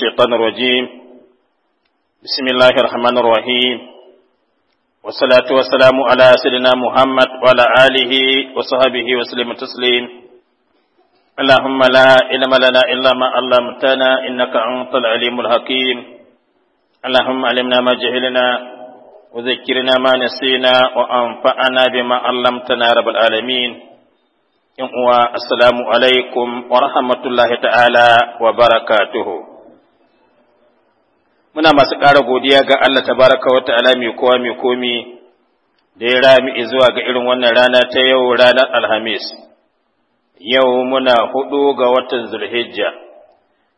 الشيطان الرجيم بسم الله الرحمن الرحيم والصلاة والسلام على سيدنا محمد وعلى آله وصحبه وسلم تسليم اللهم لا علم لنا إلا ما علمتنا إنك أنت العليم الحكيم اللهم علمنا ما جهلنا وذكرنا ما نسينا وأنفعنا بما علمتنا رب العالمين uwa assalamu alaikum wa rahmatullahi ta'ala wa barakatuhu muna masu ƙara godiya ga Allah tabaraka wa ta'ala mai kowa mai komi da ya rami zuwa ga irin wannan rana ta yau ranar Alhamis yau muna hudu ga watan Zulhijja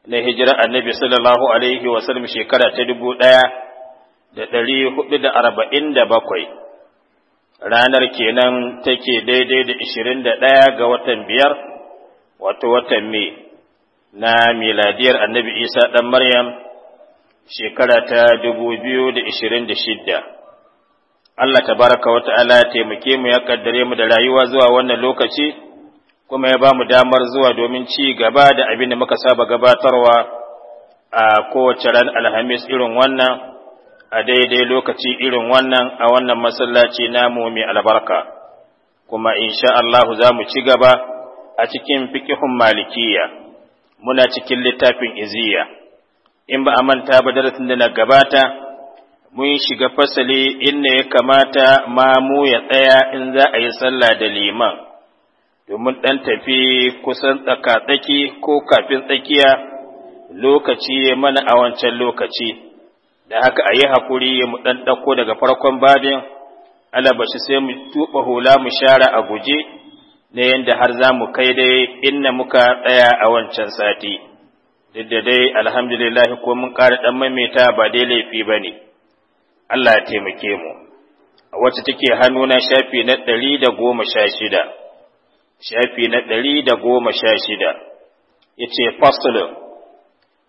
na hijira Annabi sallallahu alaihi wa sallam shekara ta dubu ɗaya da ɗari hudu da arba'in da bakwai ranar kenan take daidai da ishirin da ɗaya ga watan biyar wato watan Mai na miladiyar Annabi Isa ɗan Maryam shekara ta dubu biyu da ishirin da shidda. Allah Ta baraka wa ta'ala ya taimake mu ya kaddare mu da rayuwa zuwa wannan lokaci, kuma ya ba mu damar zuwa domin ci gaba da abin da muka saba gabatarwa a kowace ran Alhamis irin wannan, a daidai lokaci irin wannan a wannan masallaci namu mai albarka. Kuma insha Allah za mu ci gaba a cikin fikihun malikiya, muna cikin littafin iziya. in ba a manta ba darasin da na gabata mun shiga fasali inda ya kamata ma mu ya tsaya in za a yi sallah da liman domin ɗan tafi kusan tsaka-tsaki ko kafin tsakiya lokaci ya mana a wancan lokaci da haka a yi haƙuri mu ɗan ɗauko daga farkon babin alabashi sai mu tuɓa hula mu share a guje na yadda har za mu kai dai inna muka tsaya a wancan sati. duk da dai alhamdulillah ko mun ƙara ɗan maimaita ba dai laifi ba ne, Allah ya taimake mu, a wacce take hannuna shafi na ɗari da goma sha shida, shafi na ɗari da goma sha shida, ya ce fasulun,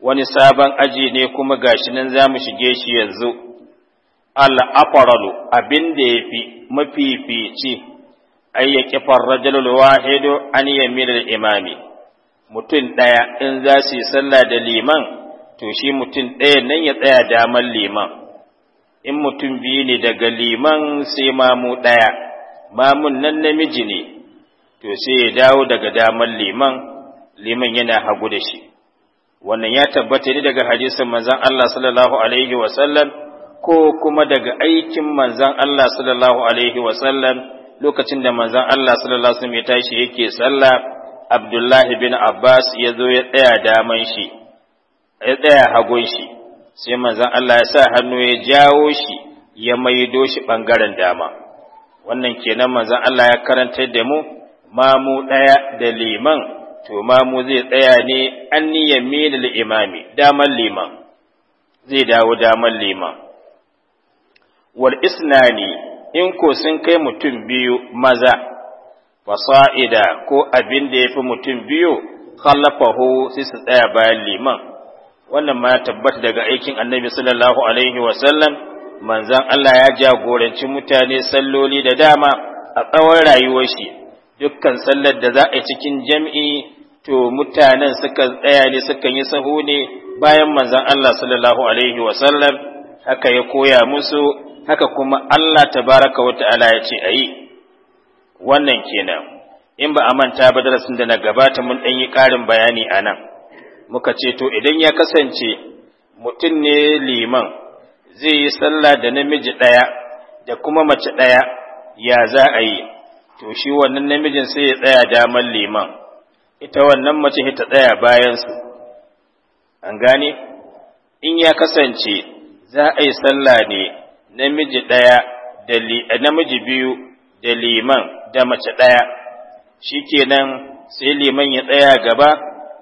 wani sabon aji ne kuma gashi nan za mu shige shi yanzu, al'afaralu abin da ya fi mafifici, ai ya kifar rajulul wahidu an yamin imami. mutum ɗaya in za su yi sallah da liman to shi mutum ɗaya nan ya tsaya damar liman in mutum biyu ne daga liman sai mamu ɗaya mamun nan namiji ne to sai ya dawo daga damar liman liman yana hagu da shi wannan ya tabbata ne daga hadisin manzon Allah sallallahu alaihi wa sallam ko kuma daga aikin manzon Allah sallallahu alaihi wa sallam lokacin da manzon Allah sallallahu alaihi wa sallam ya tashi yake sallah Abdullahi bin Abbas ya zo ya tsaya daman shi, ya tsaya hagun shi, sai manzon Allah ya sa hannu ya jawo shi ya maido shi ɓangaren dama. Wannan kenan manzon Allah ya karantar da mu, mamu ɗaya da liman, to mamu zai tsaya ne an yamin imami daman liman, zai dawo daman liman. Wal isnani in ko sun kai mutum biyu maza. fasa'ida ko abin da ya fi mutum biyu khallafahu sai su tsaya bayan liman wannan ma ya tabbata daga aikin annabi sallallahu alaihi wasallam manzon Allah ya jagoranci mutane salloli da dama a tsawon rayuwar shi dukkan sallar da za a cikin jam'i to mutanen suka tsaya ne suka yi sahu ne bayan manzan Allah sallallahu alaihi wasallam haka ya koya musu haka kuma Allah tabaraka wata ala ya ce a yi. wannan kenan in ba a manta ba darasin da na gabata mun ɗan yi ƙarin bayani a nan muka ce to idan ya kasance mutum ne liman zai yi sallah da namiji ɗaya da kuma mace ɗaya ya za a yi to shi wannan namijin sai ya tsaya daman liman ita wannan mace ta tsaya bayansu an gane in ya kasance za a yi sallah ne namiji ɗaya da namiji biyu da liman da mace ɗaya shi kenan sai liman ya tsaya gaba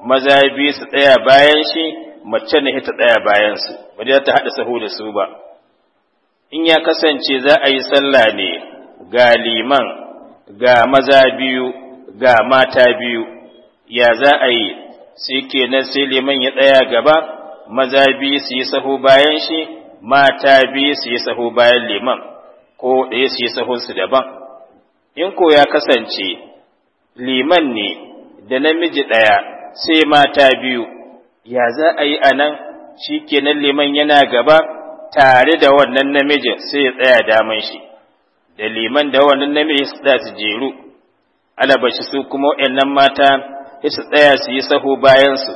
maza biyu su tsaya bayan shi mace ne ita tsaya bayan su ba da ta haɗa sahu da su ba in ya kasance za a yi sallah ne ga liman ga maza biyu ga mata biyu ya za a yi sai kenan sai liman ya tsaya gaba maza biyu su yi sahu bayan shi mata biyu su yi sahu bayan liman ko ɗaya su yi sahunsu daban in ko ya kasance liman ne da namiji ɗaya sai mata biyu ya za a yi a nan shi kenan liman yana gaba tare da wannan namijin sai ya tsaya daman shi da liman da wannan namiji su da su jeru alabashi su kuma waɗannan mata su tsaya su yi saho bayansu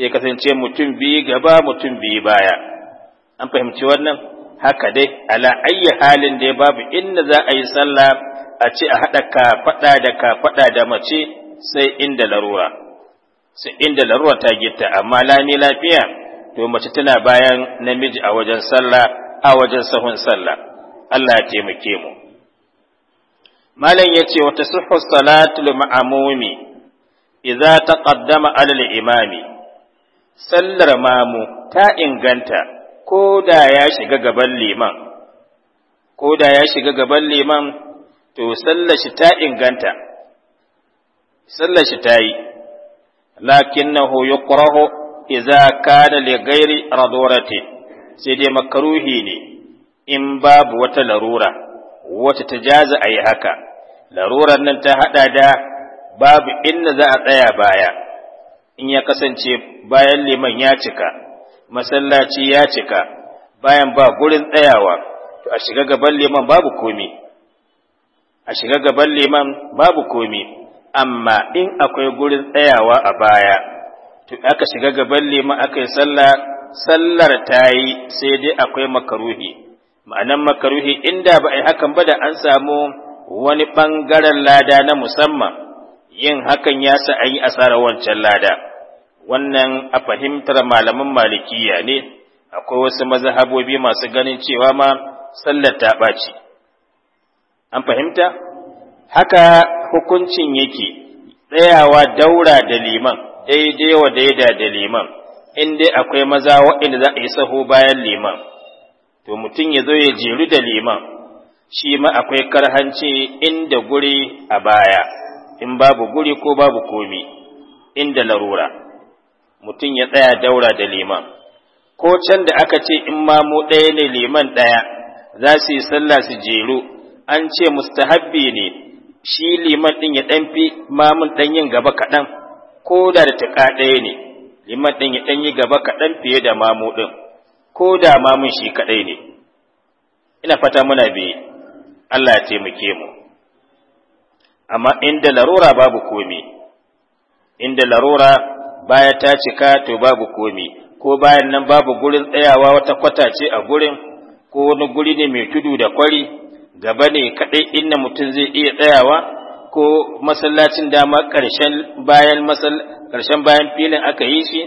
ya kasance mutum biyu gaba mutum biyu baya an fahimci wannan haka dai ala ayyi halin da ya babu inda za a yi sallah a ce a haɗa kafaɗa da kafaɗa da mace sai inda larura sai inda larura ta gita amma lami lafiya to mace tana bayan namiji a wajen sallah a wajen sahun sallah Allah ya taimake mu malam yace wa salatu salatul ma'mumi idza taqaddama ala al-imami sallar mamu ta inganta ko da ya shiga gaban liman koda ya shiga gaban liman to sallashi ta inganta sallashi tayi ta yi lakinnahu yukrahu idza kana li ghairi radurati sai dai makruhi ne in babu wata larura wata tajaza ayi haka larurar nan ta haɗa da babu inda za a tsaya baya in ya kasance bayan liman ya cika masallaci ya cika bayan ba gurin tsayawa to a shiga gaban liman babu komi a shiga gaban liman babu komi amma in akwai gurin tsayawa a baya to aka shiga gaban liman aka yi sallah sallar ta yi sai dai akwai makaruhi ma'anan makaruhi inda ba a yi hakan ba da an samu wani ɓangaren lada na musamman yin hakan ya sa an yi asarar wancan lada wannan a fahimtar malaman malikiya ne akwai wasu mazhabobi masu ganin cewa ma sallar ta ɓaci an fahimta haka hukuncin yake tsayawa daura da liman daidai wa daida da liman in dai akwai maza waɗanda za a yi saho bayan liman to mutum ya zo ya jeru da liman shi ma akwai karhanci inda guri a baya in babu guri ko babu komi inda larura mutum ya tsaya daura da liman ko can da aka ce in ma mu ɗaya ne liman ɗaya za su yi sallah su jeru an ce mustahabbi ne shi liman ɗin ya ɗan fi mamun ɗan yin gaba kaɗan ko da da tuƙa ɗaya ne liman ɗin ya ɗan yi gaba kaɗan fiye da mamu ɗin ko da mamun shi kaɗai ne ina fata muna bi Allah ya taimake mu amma inda larura babu komi inda larura baya ta cika to babu komi ko bayan nan babu gurin tsayawa wata kwata ce a gurin ko wani guri ne mai tudu da kwari gaba ne kaɗai inda mutum zai iya tsayawa ko masallacin dama ƙarshen bayan filin aka yi shi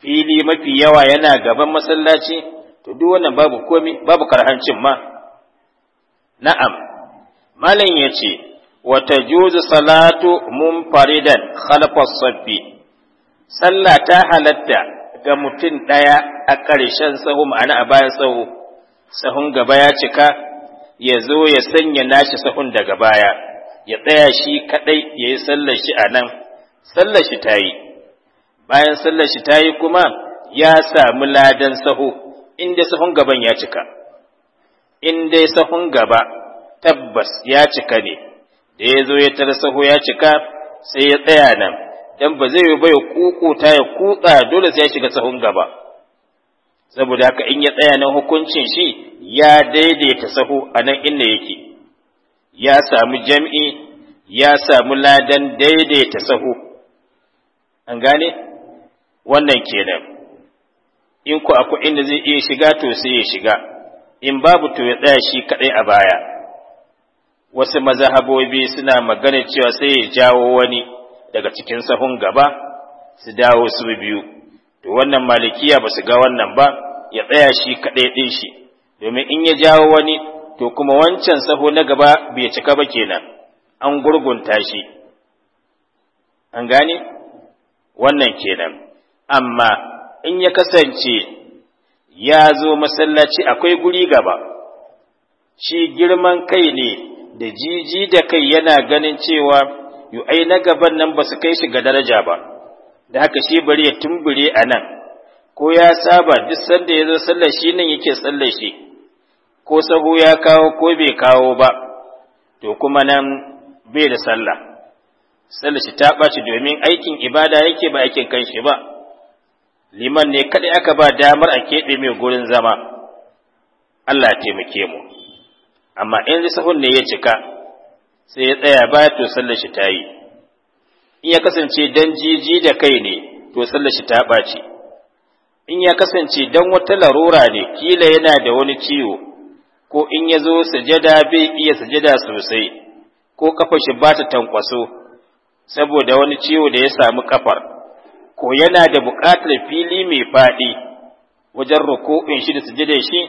fili mafi yawa yana gaban masallaci to duk wannan babu komi babu karhancin ma na'am malam ya ce wata juzu salatu faridan khalfas sabbi sallah ta halatta ga mutum ɗaya a ƙarshen sahu ma'ana a bayan sahu sahun gaba ya cika ya zo ya sanya nashi sahun daga baya ya tsaya shi kaɗai ya yi sallar shi a nan sallar shi ta yi bayan sallar shi ta yi kuma ya samu ladan sahu inda sahun gaban ya cika in dai sahun gaba tabbas ya cika ne da ya zo ya tara sahu ya cika sai ya tsaya nan dan ba zai yi ba ya kukuta ya kutsa dole sai ya shiga sahun gaba saboda haka in ya tsaya nan hukuncin shi ya daidaita sahu a nan inda yake ya samu jam'i ya samu ladan daidaita sahu an gane wannan kenan in ku akwai inda zai iya shiga to sai ya shiga in babu to ya tsaya shi kaɗai a baya wasu mazahabobi suna magana cewa sai ya jawo wani daga cikin sahun gaba su dawo su biyu to wannan malikiya ba su ga wannan ba ya tsaya shi kaɗai ɗin shi domin in ya jawo wani to kuma wancan saho na gaba bai cika ba kenan an gurgunta shi an gane wannan kenan amma in ya kasance ya zo masallaci akwai guri gaba shi girman kai ne da jiji da kai yana ganin cewa yu ai na gaban nan ba su kai shi ga daraja ba da haka shi bari ya tumbure a nan ko ya saba duk sanda ya zo sallar shi nan yake sallar shi ko sahu ya kawo ko bai kawo ba to kuma nan bai da sallah sallah shi ta ɓaci domin aikin ibada yake ba aikin kanshi ba liman ne kaɗai aka ba damar a keɓe mai gurin zama Allah ya taimake mu amma in sahun ne ya cika sai ya tsaya ba to sallah shi ta yi in ya kasance dan jiji da kai ne to sallah shi ta ɓaci in ya kasance dan wata larura ne kila yana da wani ciwo ko in ya zo sujada bai iya sujada sosai ko kafa shi ba ta tankwaso saboda wani ciwo da ya samu kafar ko yana da buƙatar fili mai faɗi wajen ruku'in shi da sujada shi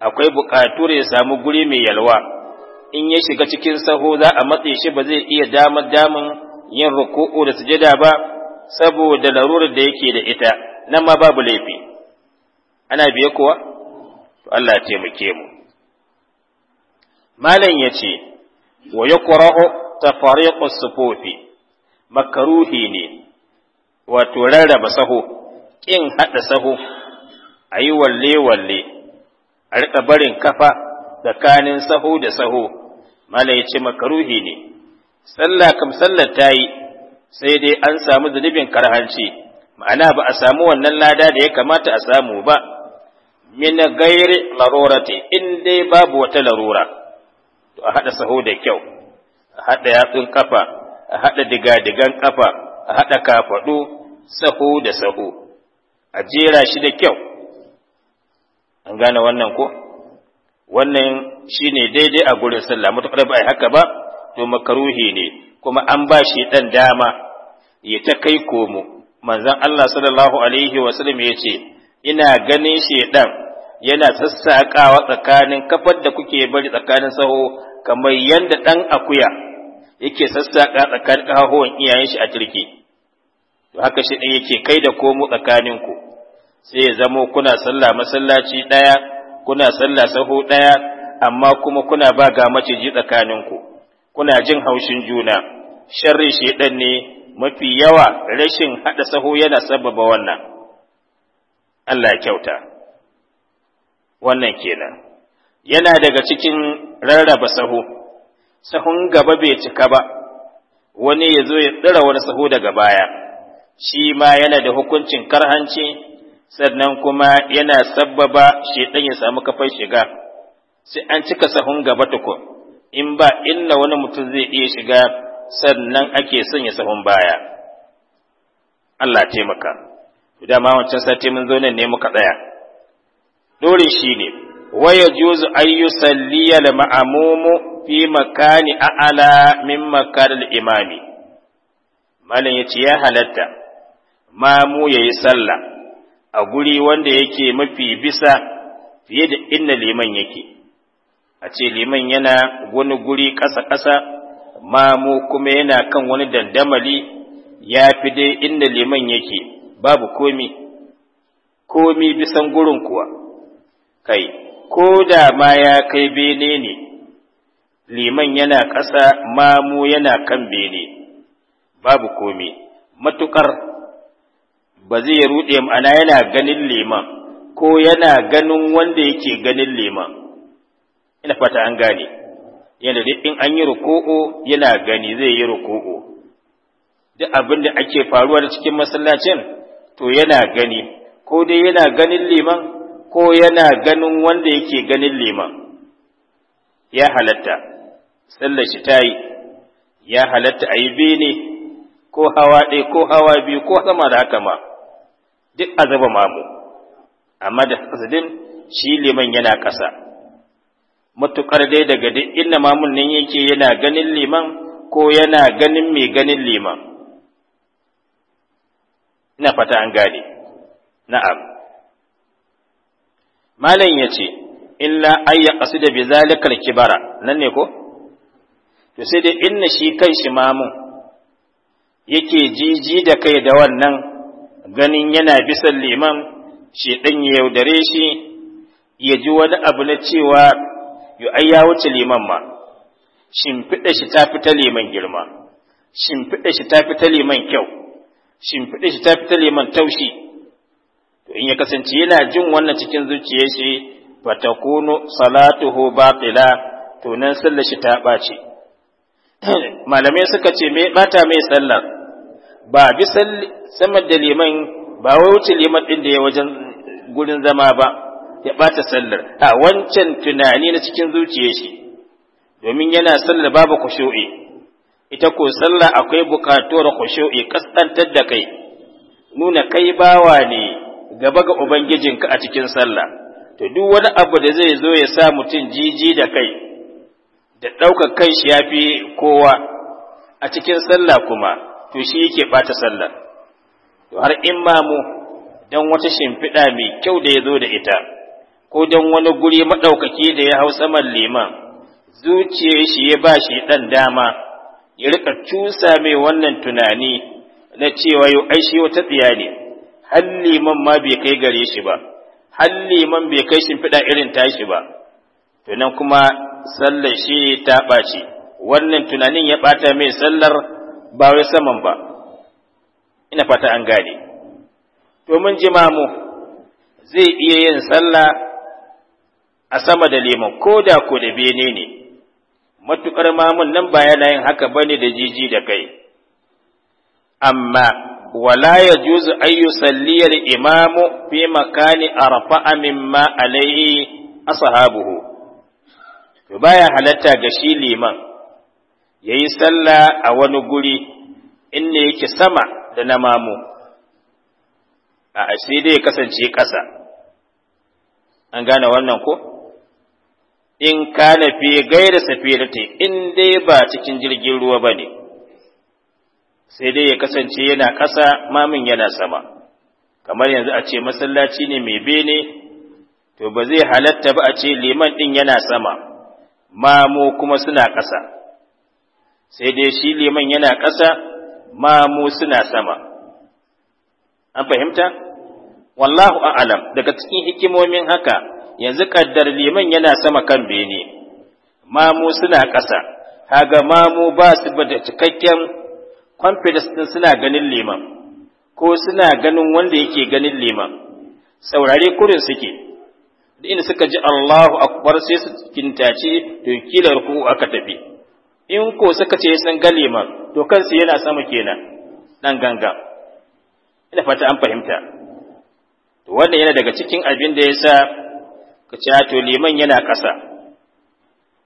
akwai buƙatu ya samu guri mai yalwa in ya shiga cikin saho za a matse shi ba zai iya damar damun yin ruku'u da sujada ba saboda larurar da yake da ita nan ma babu laifi ana biye kuwa to Allah ya taimake mu malam ya ce wa ya ƙura'u ta fariƙus makaruhi ne wato rarraba saho ƙin haɗa saho a yi walle-walle a riƙa barin kafa tsakanin saho da saho malam ya ce makaruhi ne sallah kam sallar ta yi sai dai an samu zunubin karhanci ma'ana ba a samu wannan lada da ya kamata a samu ba min gairi larurati in dai babu wata larura to a haɗa saho da kyau a haɗa yatsun kafa a haɗa diga-digan kafa a haɗa kafaɗo saho da saho a jera shi da kyau an gane wannan ko wannan shine daidai a gurin sallah matuƙar ba haka ba to makaruhi ne kuma an ba shi ɗan dama ya ta kai komo manzon Allah sallallahu alaihi wasallam ya ce ina ganin shedan yana sassaƙawa tsakanin kafar da kuke bari tsakanin saho kamar yadda ɗan akuya yake sassaƙa tsakanin ƙahohon iyayen shi a turke to haka shi ɗin yake kai da komo ku sai ya zamo kuna sallah masallaci ɗaya kuna sallah saho ɗaya amma kuma kuna ba ga maciji ku kuna jin haushin juna sharri ɗan ne mafi yawa rashin haɗa saho yana sababa wannan Allah ya kyauta wannan kenan yana daga cikin rarraba sahu sahun gaba bai cika ba wani ya zo ya tsira wani sahu daga baya shi ma yana da hukuncin karhanci sannan kuma yana sabbaba shedan ya samu kafar shiga sai an cika sahun gaba tuku in ba illa wani mutum zai iya shiga sannan ake sanya sahun baya Allah taimaka dama wancan sati mun zo nan ne muka tsaya Dole shi ne waya juzu ayyu salliya da ma'amumu fi makani a'ala min makarar imami malin ya ce ya halatta mamu ya yi sallah a guri wanda yake mafi bisa fiye da inda liman yake a ce liman yana wani guri ƙasa-ƙasa mamu kuma yana kan wani dandamali ya fi dai inda liman yake babu komi komi bisan gurin kuwa kai ko da ma ya kai bene ne liman yana ƙasa mamu yana kan bene babu komi matukar ba zai ruɗe ma'ana yana ganin liman ko yana ganin wanda yake ganin liman ina fata an gane yana da in an yi ruku'u yana gani zai yi ruku'u duk abin da ake faruwa da cikin masallacin to yana gani ko dai yana ganin liman ko yana ganin wanda yake ganin liman ya halatta sallar shi ta yi ya halatta ayi, yi ne. ko hawa ɗaya ko hawa biyu ko sama da haka ma duk a zaba mamu amma da hasidin shi liman yana ƙasa matuƙar dai daga duk inda mamun nan yake yana ganin liman ko yana ganin mai ganin liman ina fata an gane na'am malam ya ce illa ya kasu da bizalikar kibara nan ne ko to sai dai inna shi kan shi mamun yake jiji da kai da wannan ganin yana bisan liman shi ɗan ya yaudare shi ya ji wani abu na cewa yu ai ya wuce liman ma shimfiɗa shi ta fita liman girma shimfiɗa shi ta fita liman kyau shimfiɗa shi ta fita liman taushi to in ya kasance yana jin wannan cikin zuciyar shi Salatu salatuhu batila to nan sallar shi ta bace malamai suka ce me bata mai sallar ba bi sama da liman ba wai wuce liman din da ya wajen gurin zama ba ya bata sallar a wancan tunani na cikin zuciyar shi domin yana sallar babu kushu'i ita ko sallah akwai bukatuwar kushu'i kasantar da kai nuna kai bawa ne gaba ga ubangijinka a cikin sallah to duk wani abu da zai zo ya sa mutum jiji da kai da ɗaukar kan shi ya fi kowa a cikin sallah kuma to shi yake ɓata sallah to har in imamu don wata shimfiɗa mai kyau da ya zo da ita ko don wani guri maɗaukaki da ya hau saman liman zuciyar shi ya ba shi ɗan dama ya riƙa cusa mai wannan tunani na cewa yau ai shi wata tsiya ne har liman ma bai kai gare shi ba har man bai kai shimfiɗa irin tashi ba to kuma sallar shi ta ɓaci wannan tunanin ya ɓata mai sallar ba wai saman ba ina fata an gane domin jimamu zai iya yin sallah a sama da liman ko da ko da bene ne matuƙar mamun nan ba yana yin haka bane da jiji da kai amma wala ya juzu ayyu salliyar imamu fi makani arfa'a mimma alaihi ashabuhu to baya halatta ga shi liman yayi sallah a wani guri inda yake sama da na mamu a sai dai ya kasance ƙasa an gane wannan ko in kana fi gaira safirati in dai ba cikin jirgin ruwa bane sai dai ya kasance yana ƙasa mamin yana sama kamar yanzu a ce masallaci ne mai bene to ba zai halatta ba a ce liman ɗin yana sama mamu kuma suna ƙasa sai dai shi liman yana ƙasa mamu suna sama an fahimta wallahu a'lam daga cikin hikimomin haka yanzu kaddar liman yana sama kan bene mamu suna ƙasa haga mamu ba su da cikakken confidence din suna ganin liman ko suna ganin wanda yake ganin liman saurare kurin suke da inda suka ji Allahu akbar sai su kintace to kila ruku aka tafi in ko suka ce sun ga liman to kansu yana sama kenan dan ganga ina fata an fahimta to wannan yana daga cikin abin da yasa ka ce to liman yana ƙasa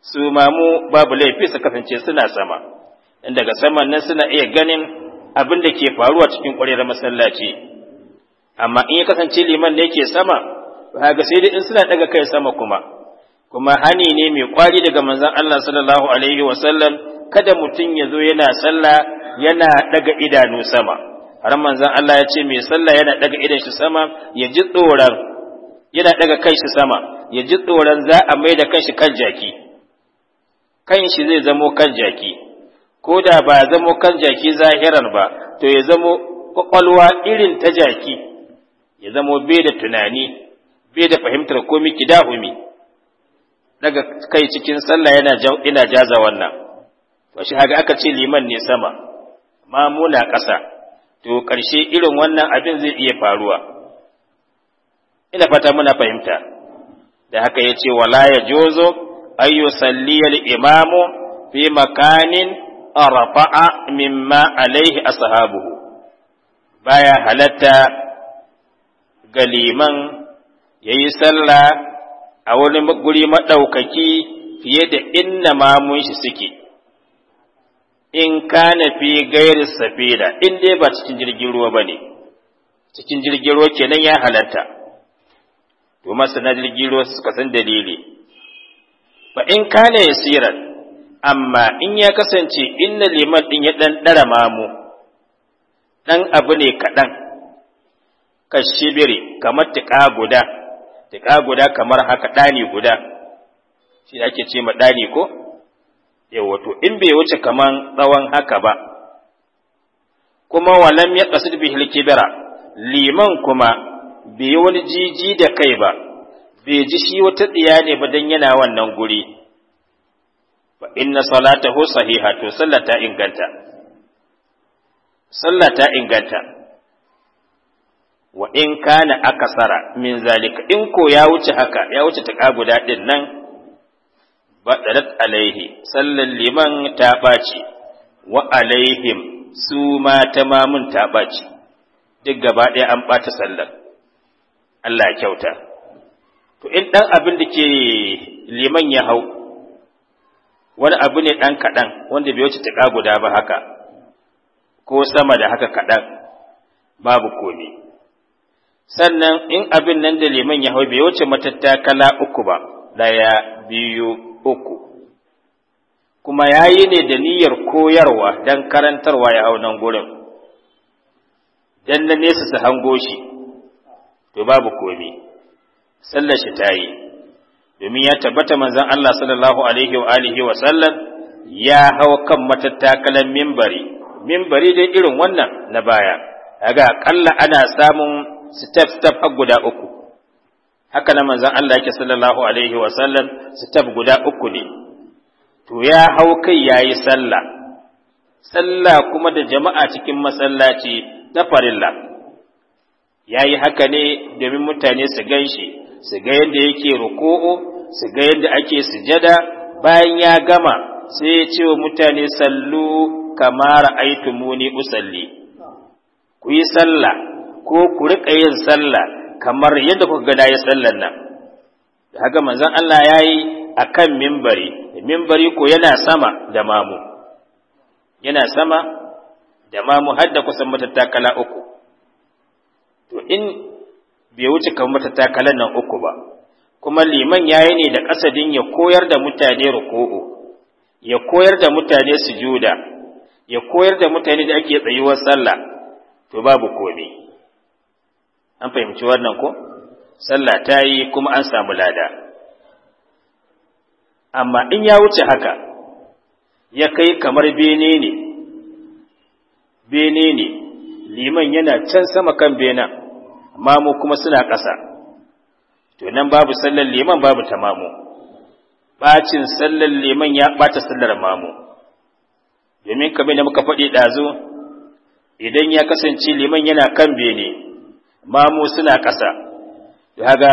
su mamu babu laifi su kasance suna sama daga saman nan suna iya ganin abin da ke faruwa cikin ƙwarewar masallaci amma in ya kasance liman ne ke sama ga sai dai in suna daga kai sama kuma kuma hani ne mai kwari daga manzon Allah sallallahu alaihi wa sallam kada mutum ya zo yana sallah yana daga idanu sama har manzon Allah ya ce mai sallah yana daga idan shi sama ya ji tsoron yana daga kai shi sama ya ji tsoron za a mai da kanshi kan jaki kan shi zai zamo kan jaki ko da ba ya zamo kan jaki zahiran ba to ya zamo kwakwalwa irin ta jaki ya zamo bai da tunani bai da fahimtar komi kidahumi daga kai cikin sallah yana ina jaza wannan to shi haka aka ce liman ne sama mamuna ƙasa to ƙarshe irin wannan abin zai iya faruwa ina fata muna fahimta da haka ya ce wala ya jozo ayyu salliyal imamu fi makanin rafa'a mimma alaihi ashabuhu baya halatta Galiman yayi sallah a wani guri madaukaki fiye da inna mamun shi suke in kana fi gairi safira in dai ba cikin jirgin ruwa bane cikin jirgin ruwa kenan ya halatta to masana jirgin ruwa suka san dalili fa in kana yasiran amma in ya kasance inna liman ɗin ya ɗan ɗara mamu ɗan abu ne kaɗan kashibiri kamar tiƙa guda tiƙa guda kamar haka ɗani guda shi ake ce ma ɗani ko ya to in bai wuce kamar tsawon haka ba kuma walam ya kasu bihil kibira liman kuma bai wani jiji da kai ba bai ji shi wata tsiya ne ba don yana wannan guri fa inna salatahu sahiha to sallah ta inganta sallah ta inganta wa in kana akasara min zalika in ko ya wuce haka ya wuce ta kaguda din nan badarat alaihi sallan liman ta ɓaci wa alaihim su ma ta mamun ta ɓaci duk gaba ɗaya an ɓata sallar Allah ya kyauta to in ɗan abin da ke liman ya hau wani abu ne ɗan kaɗan wanda bai wuce tuƙa guda ba haka ko sama da haka kaɗan babu komi sannan in abin nan da liman ya hau bai wuce matattakala uku ba daya biyu uku kuma ya yi ne da niyyar koyarwa don karantarwa ya hau nan gurin don na nesa su hango shi to babu komi sallar shi ta yi domin ya tabbata manzon Allah sallallahu alaihi wa alihi wa sallam ya hau kan matattakalan mimbari mimbari dai irin wannan na baya kaga kalla ana samun step step har guda uku haka na manzon Allah yake sallallahu alaihi wa sallam step guda uku ne to ya hau kai yayi sallah sallah kuma da jama'a cikin masallaci na farilla yayi haka ne domin mutane su ganshi su ga yadda yake ruku'u su ga yadda ake sujada bayan ya gama sai ya ce wa mutane sallu kamar aitumuni usalli ku yi sallah ko ku riƙa yin sallah kamar yadda kuka ga dai sallar nan haka manzon Allah yayi akan mimbari mimbari ko yana sama da mamu yana sama da mamu har da kusan matattakala uku to in bai wuce kan mata takalan nan uku ba kuma liman yayi ne da kasadin ya koyar da mutane ruku'u ya koyar da mutane sujuda ya koyar da mutane da ake tsayuwar sallah to babu komai an fahimci wannan ko sallah ta yi kuma an samu lada amma in ya wuce haka ya kai kamar bene ne bene ne liman yana can sama kan benen mamu kuma suna ƙasa to nan babu sallar liman babu ta mamu bacin sallar liman ya ɓata sallar mamu domin kamar da muka faɗi ɗazu idan ya kasance liman yana kan bene mamu suna ƙasa haga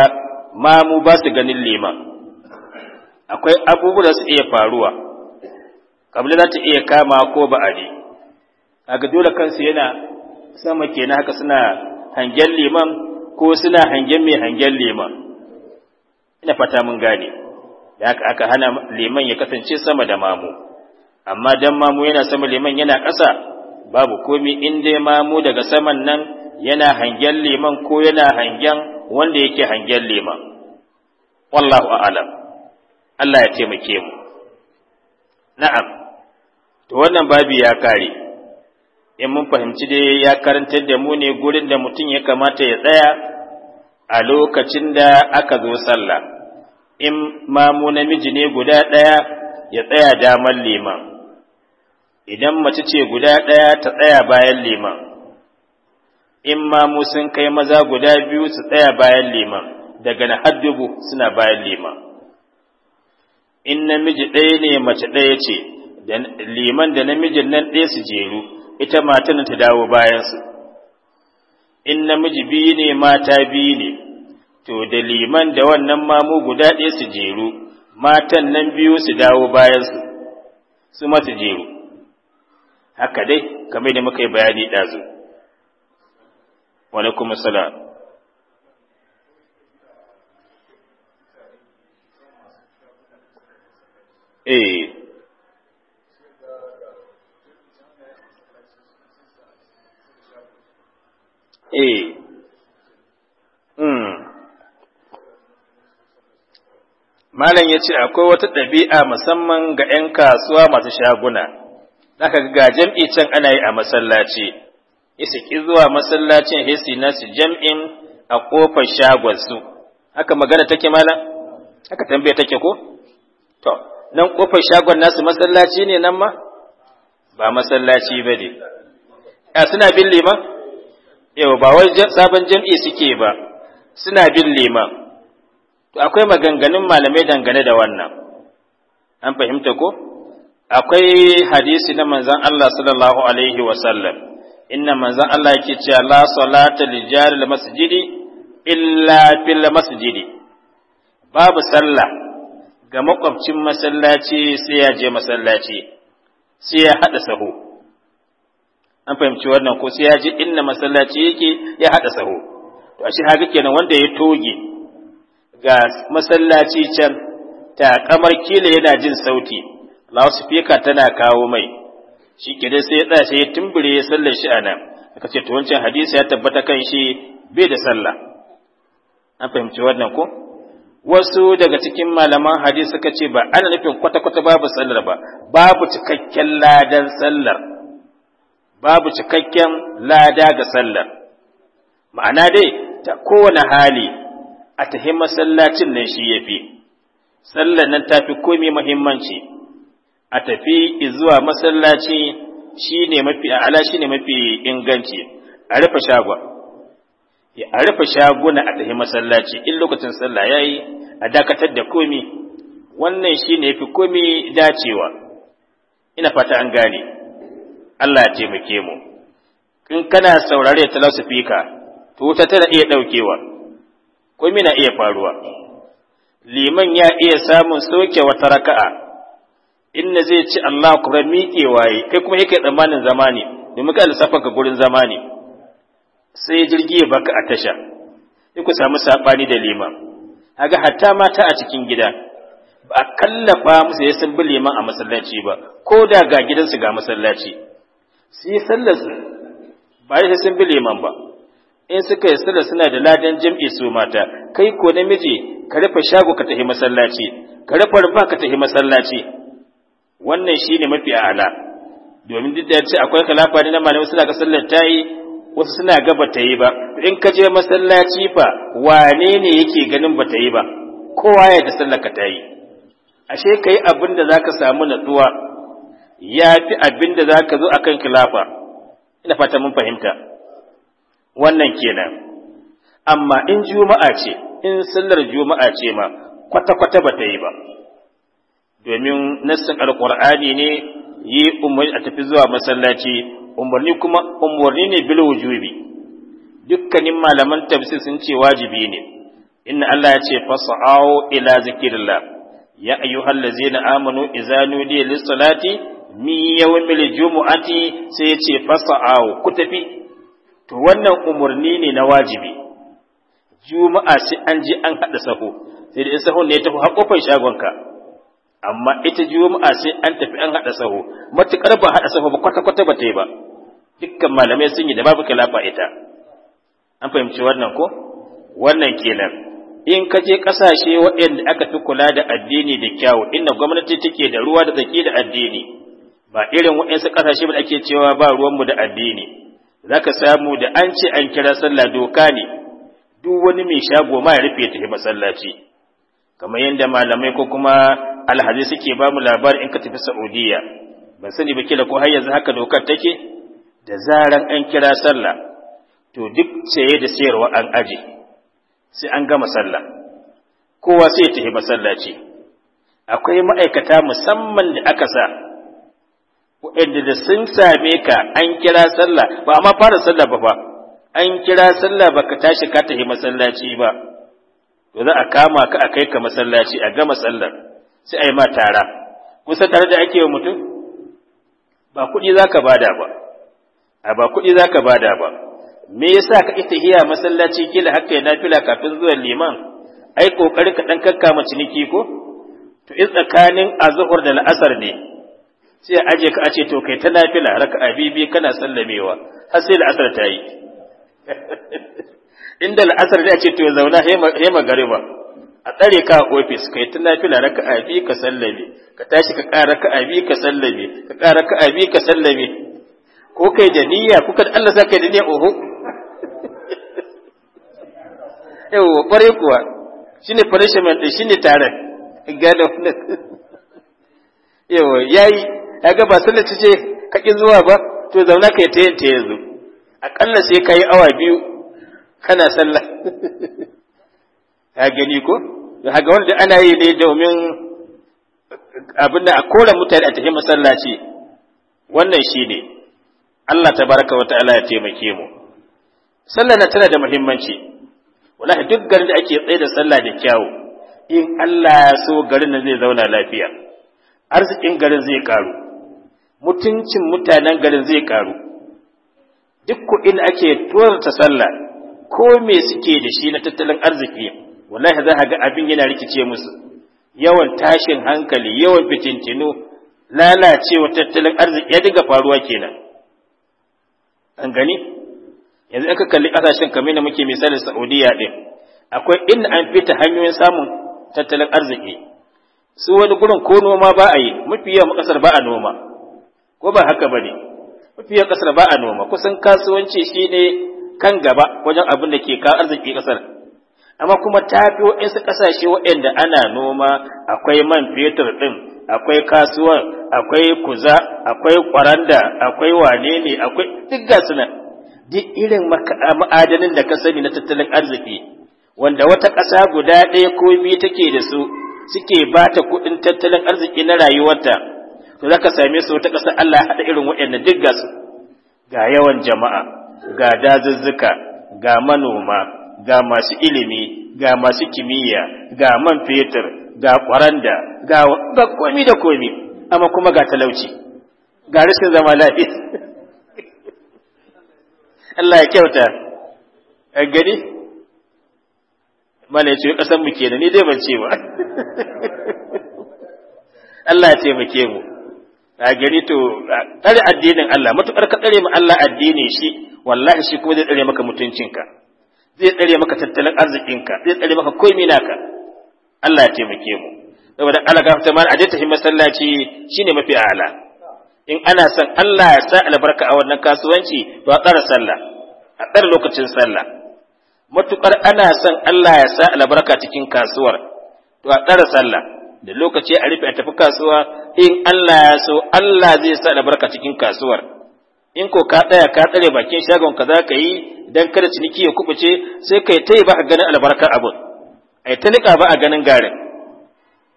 mamu ba su ganin liman akwai abubuwa da su iya faruwa kamar za ta iya kama ko ba ba'adi aga dole kansu yana sama kenan haka suna hangen liman ko suna hangen mai hangen liman ina fata mun gane da aka hana liman ya kasance sama da mamu amma dan mamu yana sama liman yana ƙasa babu komi in dai mamu daga saman nan yana hangen liman ko yana hangen wanda yake hangen liman wallahu a'lam Allah ya taimake mu na'am to wannan babu ya kare in mun fahimci dai ya karantar da mu ne gurin da mutum ya kamata ya tsaya a lokacin da aka zo sallah in mamu namiji ne guda ɗaya ya tsaya damar liman idan mace ce guda ɗaya ta tsaya bayan liman in mamu sun kai maza guda biyu su tsaya bayan liman daga na haddubu suna bayan liman in namiji ɗaya ne mace ɗaya ce liman da namijin nan ɗaya su jeru ita matan ta dawo bayansu in namiji biyu ne mata biyu ne to da liman da wannan mamu guda ɗaya su jeru matan nan biyu su dawo bayansu su su jeru haka dai kamar da muka yi bayani ɗazu wani kuma salam eh eh mm malam ya ce akwai wata ɗabi'a musamman ga 'yan kasuwa masu shaguna zaka ga jam'i can ana yi a masallaci isa ki zuwa masallacin hisi na su jam'in a ƙofar shagonsu haka magana take malam haka tambaya take ko to nan ƙofar shagon nasu masallaci ne nan ma ba masallaci ba ne suna bin liman yau ba wai sabon jam'i suke ba suna bin liman to akwai maganganun malamai dangane da wannan an fahimta ko akwai hadisi na manzon Allah sallallahu alaihi wa sallam inna manzon Allah yake cewa la salata li jaril masjidi illa fil masjidi babu sallah ga makwabcin masallaci sai ya je masallaci sai ya hada sahu an fahimci wannan ko sai ya je inna masallaci yake ya haɗa saho to a shi haka kenan wanda ya toge ga masallaci can ta kamar kila yana jin sauti fika tana kawo mai shi ke dai sai ya tsaya sai ya tumbure ya sallar shi a nan aka ce to wancan hadisi ya tabbata kan shi bai da sallah an fahimci wannan ko wasu daga cikin malaman hadisi suka ce ba ana nufin kwata-kwata babu sallar ba babu cikakken ladan sallar babu cikakken lada ga sallar ma'ana dai ta kowane hali a tahi masallacin nan shi yafi sallar nan tafi komai muhimmanci a tafi zuwa masallaci shine mafi a'ala shine mafi inganci a rufe shagwa a rufe shaguna a tahi masallaci in lokacin sallah yayi a dakatar da komi wannan shine yafi komi dacewa ina fata an gane Allah ya taimake mu in kana saurare ta fika to ta tana iya ɗaukewa komai na iya faruwa liman ya iya samun soke wata raka'a inna zai ci Allah kuma miƙe waye kai kuma yake tsammanin zamani? ne domin ka lissafa ka gurin zamani. ne sai jirgi ya baka a tasha sai ku samu sabani da liman haga hatta mata a cikin gida ba a kallafa musu ya sun bi liman a masallaci ba ko da ga gidansu ga masallaci su sallar su ba sai sun bi liman ba in suka yi sallar suna da ladan jam'i su mata kai ko namiji ka rufe shago ka tafi masallaci ka rufe rufa ka tafi masallaci wannan shine mafi a'ala domin duk da ya ce akwai kalafa ne na malamai suna ga sallar ta yi wasu suna ga ba ta yi ba in ka je masallaci fa wane ne yake ganin ba ta yi ba kowa ya da sallar ta yi ashe ka yi abin da za ka samu natsuwa ya fi abin da za ka zo a kan kilafa. ina fata mun fahimta wannan kenan amma in juma'a ce in sallar juma'a ce ma kwata-kwata ba ta yi ba domin nassin alkur'ani ne yi umarni a tafi zuwa masallaci umarni kuma umarni ne bil wujubi dukkanin malaman tafsir sun ce wajibi ne inna Allah ya ce fas'au ila zikrillah ya ayyuhallazina amanu idza nudiya lis-salati mi yawmil jumu'ati sai yace ce fasa'u ku tafi to wannan umurni ne na wajibi juma'a sai an je an hada saho sai da saho ne tafi har shagonka amma ita juma'a sai an tafi an hada saho matukar ba hada saho ba kwata kwata ba ta yi ba dukkan malamai sun yi da babu kilafa ita an fahimci wannan ko wannan kenan in ka je ƙasashe waɗanda aka fi kula da addini da kyawu inda gwamnati take da ruwa da tsaki da addini ba irin waɗansu ƙasashe ba ake cewa ba ruwanmu da addini za ka samu da an ce an kira sallah doka ne duk wani mai shago ma ya rufe tafi masallaci kamar yadda malamai ko kuma alhazi suke ba mu labari in ka tafi saudiya ban sani ba kila ko har yanzu haka dokar take da zaran an kira sallah to duk saye da sayarwa an aje sai an gama sallah kowa sai ya tafi masallaci akwai ma'aikata musamman da aka sa waɗanda da sun same ka an kira sallah ba amma fara sallah ba fa an kira sallah baka tashi ka tafi masallaci ba to za a kama ka a kai ka masallaci a gama sallar sai a yi ma tara kusa tare da ake wa mutum ba kuɗi za ka bada ba a ba kuɗi za ka bada ba me yasa ka ita hiya masallaci kila haka ya nafila kafin zuwa liman ai kokari ka dan kakkama ciniki ko to in tsakanin azhur da al'asar ne sai a aje ka a ce to kai ta nafila raka'a bibi kana sallamewa har sai la'asar ta yi inda la'asar ne a ce to zauna he magariba a tsare ka ofis kai ta nafila raka'a bi ka sallame ka tashi ka ƙara raka'a bi ka sallame ka ƙara raka'a bi ka sallame ko kai da niyya ko kai Allah sa kai da niyya oho yawa kwarai kuwa shine punishment shine tarar gano yawa yayi kaga ba sallar ce ka kin zuwa ba to zauna kai ta yin ta yanzu akalla sai kai awa biyu kana sallah ka gani ko da haka wanda ana yi ne domin abin da a kora mutane a tafi masallaci wannan shi ne. Allah tabaraka wa ta'ala ya taimake mu sallah na tana da muhimmanci wallahi duk garin da ake tsaye da sallah da kyawu in Allah ya so garin nan zai zauna lafiya arzikin garin zai karu mutuncin mutanen garin zai karu duk in ake tuwarta sallah ko me suke da shi na tattalin arziki wallahi za ga abin yana rikice musu yawan tashin hankali yawan fitintinu lalacewa tattalin arziki ya dinga faruwa kenan an gani yanzu aka kalli ƙasashen kamar da muke misalin saudiya ɗin akwai in an fita hanyoyin samun tattalin arziki su wani gurin ko noma ba a yi mafi yawan ƙasar ba a noma ko ba haka ba ne mafiya ƙasar ba a noma kusan kasuwanci shine kan gaba wajen abin da ke ka arziki ƙasar amma kuma ta fi waɗansu ƙasashe waɗanda ana noma akwai man fetur ɗin akwai kasuwar akwai kuza akwai kwaranda akwai wane ne akwai duk ga duk irin ma'adanin da ka sani na tattalin arziki wanda wata ƙasa guda ɗaya ko biyu take da su suke bata kuɗin tattalin arziki na rayuwarta to za ka same su wata ƙasar Allah ya haɗa irin waɗannan duk gasu su ga yawan jama'a ga dazuzzuka ga manoma ga masu ilimi ga masu kimiyya ga man fetur ga ƙwaranda ga komi da komi amma kuma ga talauci ga riskin zama lafiya Allah ya kyauta a gani mana ya ce ƙasar mu da ni dai ban ce ba Allah ya taimake mu a gari to uh, tsare addinin Allah matukar ka tsare ma Allah addini shi wallahi shi kuma zai tsare maka mutuncinka zai tsare maka tattalin arzikinka zai tsare maka komai ka. Allah ya taimake mu saboda Allah ga fata mana ajeta himma sallaci shine mafi ala in ana son Allah ya sa albarka a wannan kasuwanci to a tsara sallah a tsara lokacin sallah matukar ana son Allah ya sa albarka cikin kasuwar to a tsara sallah da lokaci a rufe a tafi kasuwa in Allah ya so Allah zai sa albarka cikin kasuwar in ko ka tsaya ka tsare bakin shagon ka za ka yi dan kada ciniki ya kubuce sai kai ta ba a ganin albarka abun ai ta niƙa ba a ganin garin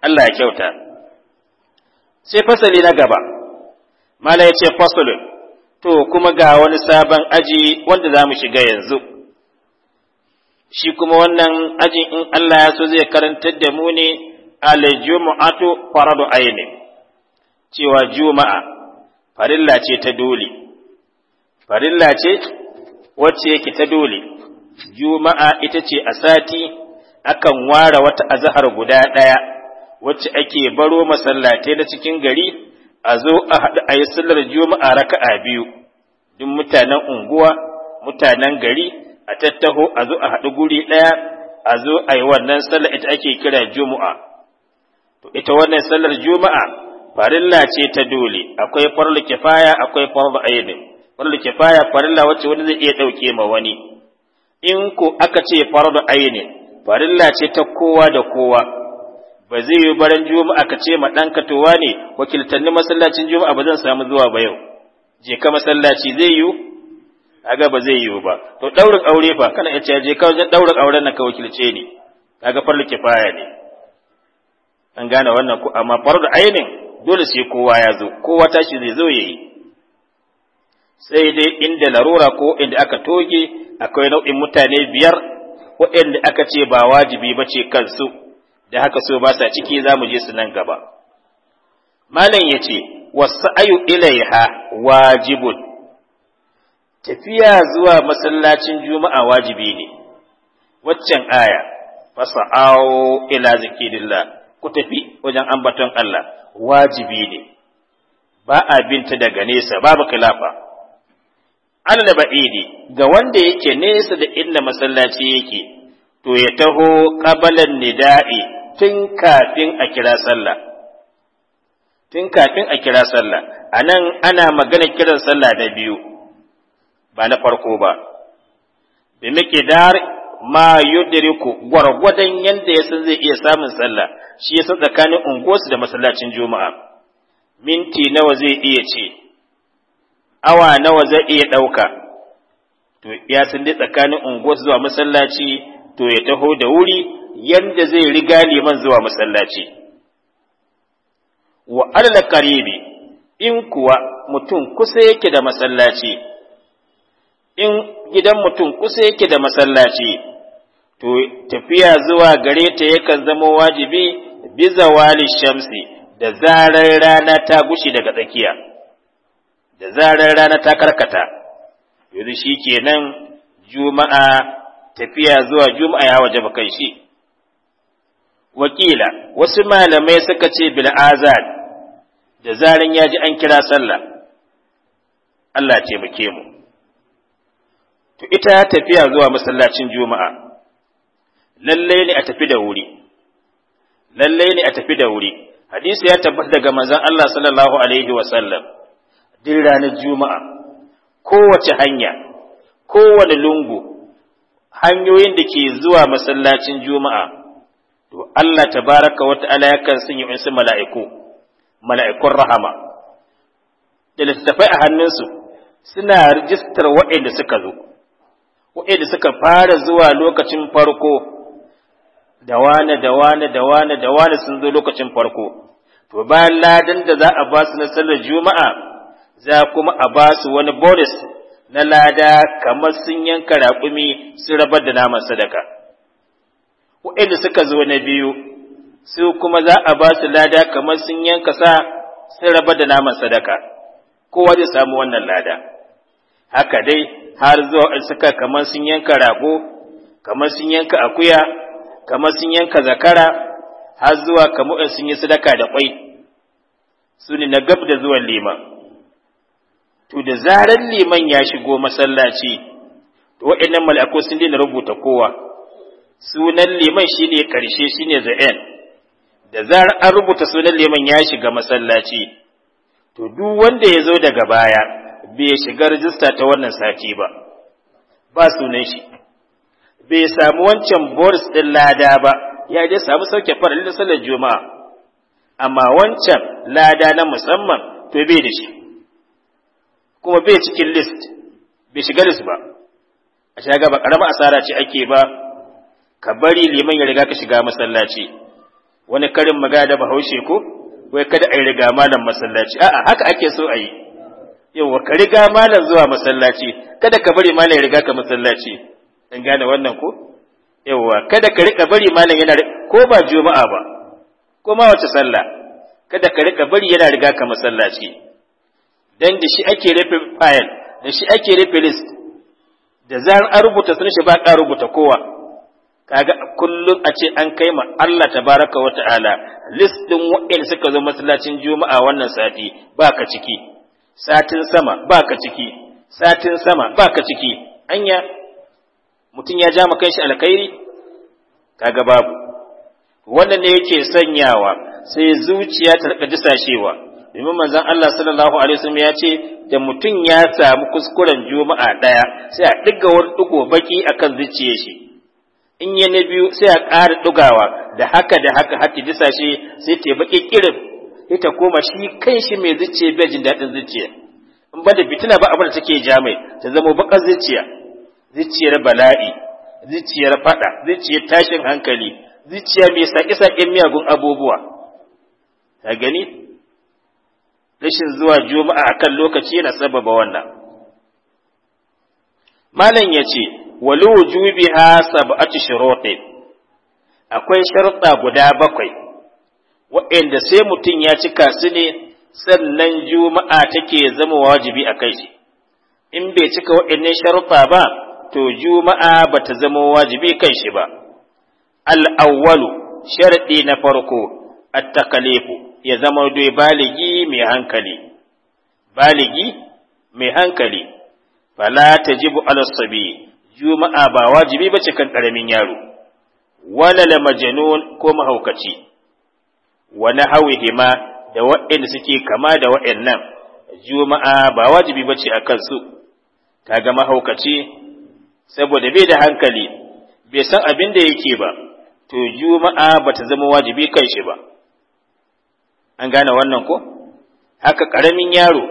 Allah ya kyauta sai fasali na gaba mala ya ce fasalin to kuma ga wani sabon aji wanda za mu shiga yanzu shi kuma wannan ajin in Allah ya so zai karantar da mu ne al-jumu'atu faradu aini cewa juma'a farilla ce ta dole farilla ce wacce yake ta dole juma'a ita ce a sati akan ware wata azahar guda ɗaya wacce ake baro masallatai na cikin gari a zo a haɗu a yi sallar juma'a raka'a biyu duk mutanen unguwa mutanen gari a tattaho a zo a haɗu guri ɗaya a zo a yi wannan sallar ita ake kira juma'a to ita wannan sallar juma'a farilla ce ta dole akwai farlu kifaya akwai farlu aini farlu kifaya farilla wacce wani zai iya ɗauke ma wani in ko aka ce farlu aini farilla ce ta kowa da kowa ba zai yi baran juma'a aka ce ma ɗanka to ne wakiltanni masallacin juma'a ba zan samu zuwa ba yau je ka masallaci zai yiwu kaga ba zai yiwu ba to daurin aure fa kana iya je ka wajen daurin auren nan ka wakilce ne kaga farlu kifaya ne an gane wannan ko amma fardu ainin dole sai kowa ya zo kowa tashi zai zo ya yi. sai dai inda larura ko inda aka toge akwai nau'in mutane biyar waɗanda aka ce ba wajibi ba ce kansu da haka so ba sa ciki za mu je su nan gaba malam ya ce wasu ayu ilaiha wajibun tafiya zuwa masallacin juma'a wajibi ne waccan aya fasa’au ila zikirillah ku tafi wajen ambaton Allah wajibi ne ba a binta daga nesa babu khilafa alla ba'idi ga wanda yake nesa da inda masallaci yake to ya taho qabalan nida'i tun kafin a kira sallah tun kafin a kira sallah anan ana magana kiran sallah da biyu ba na farko ba bi miqdar ma yudriku gwargwadon yanda yasan zai iya samun sallah shi ya san tsakanin unguwarsu da masallacin juma'a minti nawa zai iya ce awa nawa zai iya ɗauka to ya san dai tsakanin unguwarsu zuwa masallaci to ya taho da wuri yadda zai riga liman zuwa masallaci wa alal qaribi in kuwa mutum kusa yake da masallaci in gidan mutum kusa yake da masallaci to tafiya zuwa gare ta yakan zama wajibi Biza wali shamsi da zarar rana ta gushi daga tsakiya da zarar rana ta karkata yanzu shi kenan juma'a tafiya zuwa juma'a ya waje bakan shi wakila wasu malamai suka ce bil azan da zarin ya ji an kira sallah Allah ce muke mu to ita tafiya zuwa masallacin juma'a lalle ne a tafi da wuri Lallai ne a tafi da wuri hadisi ya tabbata daga manzon Allah sallallahu alaihi wa sallam din ranar juma'a kowace hanya kowane lungu hanyoyin da ke zuwa masallacin juma'a to Allah tabaraka wa ta'ala yakan sanya insu mala'iku mala'ikun rahama da littafai a hannunsu suna rijistar waɗanda suka zo waɗanda suka fara zuwa lokacin farko da wane da wane da wane da wane sun zo lokacin farko to bayan ladan da za a ba su na sallar juma'a za kuma a ba su wani bonus na lada kamar sun yanka raƙumi sun rabar da naman sadaka waɗanda suka zo na biyu su kuma za a ba su lada kamar sun yanka sa sun rabar da naman sadaka kowa zai samu wannan lada haka dai har zuwa suka kamar sun yanka rago kamar sun yanka akuya kamar sun yanka zakara har zuwa kamar sun yi sadaka da kwai su ne na gab da zuwan liman to da zaran liman ya shigo masallaci to waɗannan mala'iku sun daina rubuta kowa sunan liman shine karshe shine za'en da zaren an rubuta sunan liman ya shiga masallaci to duk wanda ya zo daga baya bai shiga rajista ta wannan sati ba ba sunan shi bai samu wancan boris ɗin lada ba ya je samu sauke farin da sallar juma'a amma wancan lada na musamman to bai da shi kuma bai cikin list bai shiga list ba a shaga ba ƙarama asara ce ake ba ka bari liman ya riga ka shiga masallaci wani karin magana da bahaushe ko wai kada a yi riga malam masallaci a'a haka ake so a yi yau ka riga malam zuwa masallaci kada ka bari malam ya riga ka masallaci an gane wannan ko yawwa kada ka rika bari malam yana ko ba juma'a ba ko ma wace sallah kada ka rika bari yana riga ka masallaci dan da shi ake rufe file da shi ake rufe list da zan an rubuta sun shi ba ka rubuta kowa kaga kullum a ce an kai ma Allah tabaraka wa ta'ala list din wa'in suka zo masallacin juma'a wannan sati ba ka ciki satin sama ba ka ciki satin sama ba ka ciki anya mutum ya ja makan shi alkhairi kaga babu wannan ne yake sanyawa sai zuciya ta rika jisashewa domin manzon Allah sallallahu alaihi wasallam ya ce da mutum ya samu kuskuren juma'a daya sai a diga wani dugo baki akan zuciyar shi in ya na biyu sai a ƙara dugawa, da haka da haka har ta jisashe sai ta baki kirin ta koma shi kan shi mai zuciya bai jin daɗin zuciya in ba da fitina ba abin da take ja mai ta zama bakar zuciya zuciyar bala'i zuciyar fada zuciyar tashin hankali zuciya mai saƙi-saƙin miyagun abubuwa ka gani rashin zuwa juma'a akan lokaci yana sababa wannan malam ya ce wali wujubi ha sab'atu shurutin akwai sharta guda bakwai waɗanda sai mutum ya cika su ne sannan juma'a take zama wajibi a kai shi in bai cika wa'annan sharta ba to juma'a ba ta zama wajibi kan shi ba al al'awwalu sharɗi na farko at-takalifu ya zama dai baligi mai hankali baligi mai hankali fala tajibu ala sabi juma'a ba wajibi ba ce kan ƙaramin yaro wala la ko mahaukaci wani ma da waɗanda suke kama da waɗannan juma'a ba wajibi ba ce a kansu kaga mahaukaci saboda bai da hankali bai san abin da yake ba to juma'a bata zama wajibi kan shi ba an gane wannan ko haka karamin yaro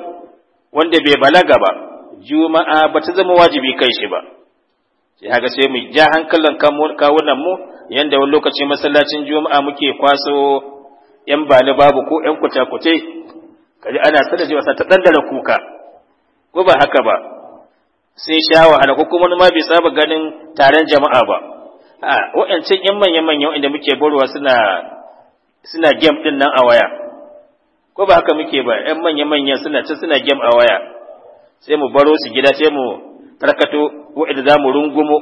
wanda bai balaga ba juma'a bata zama wajibi kan shi ba sai haka sai mu ja hankalin kawunan mu yanda wani lokaci masallacin juma'a muke kwaso yan bani babu ko yan kuta-kutai kaji ana sanar wasa ta dandara kuka ko ba haka ba sai sha wahala ko kuma ma bai saba ganin taron jama'a ba a wa'ancin yan manyan manyan inda muke borowa suna suna game din nan a waya ko ba haka muke ba yan manyan manyan suna ta suna game a waya sai mu baro su gida sai mu tarkato wa'anda za mu rungumo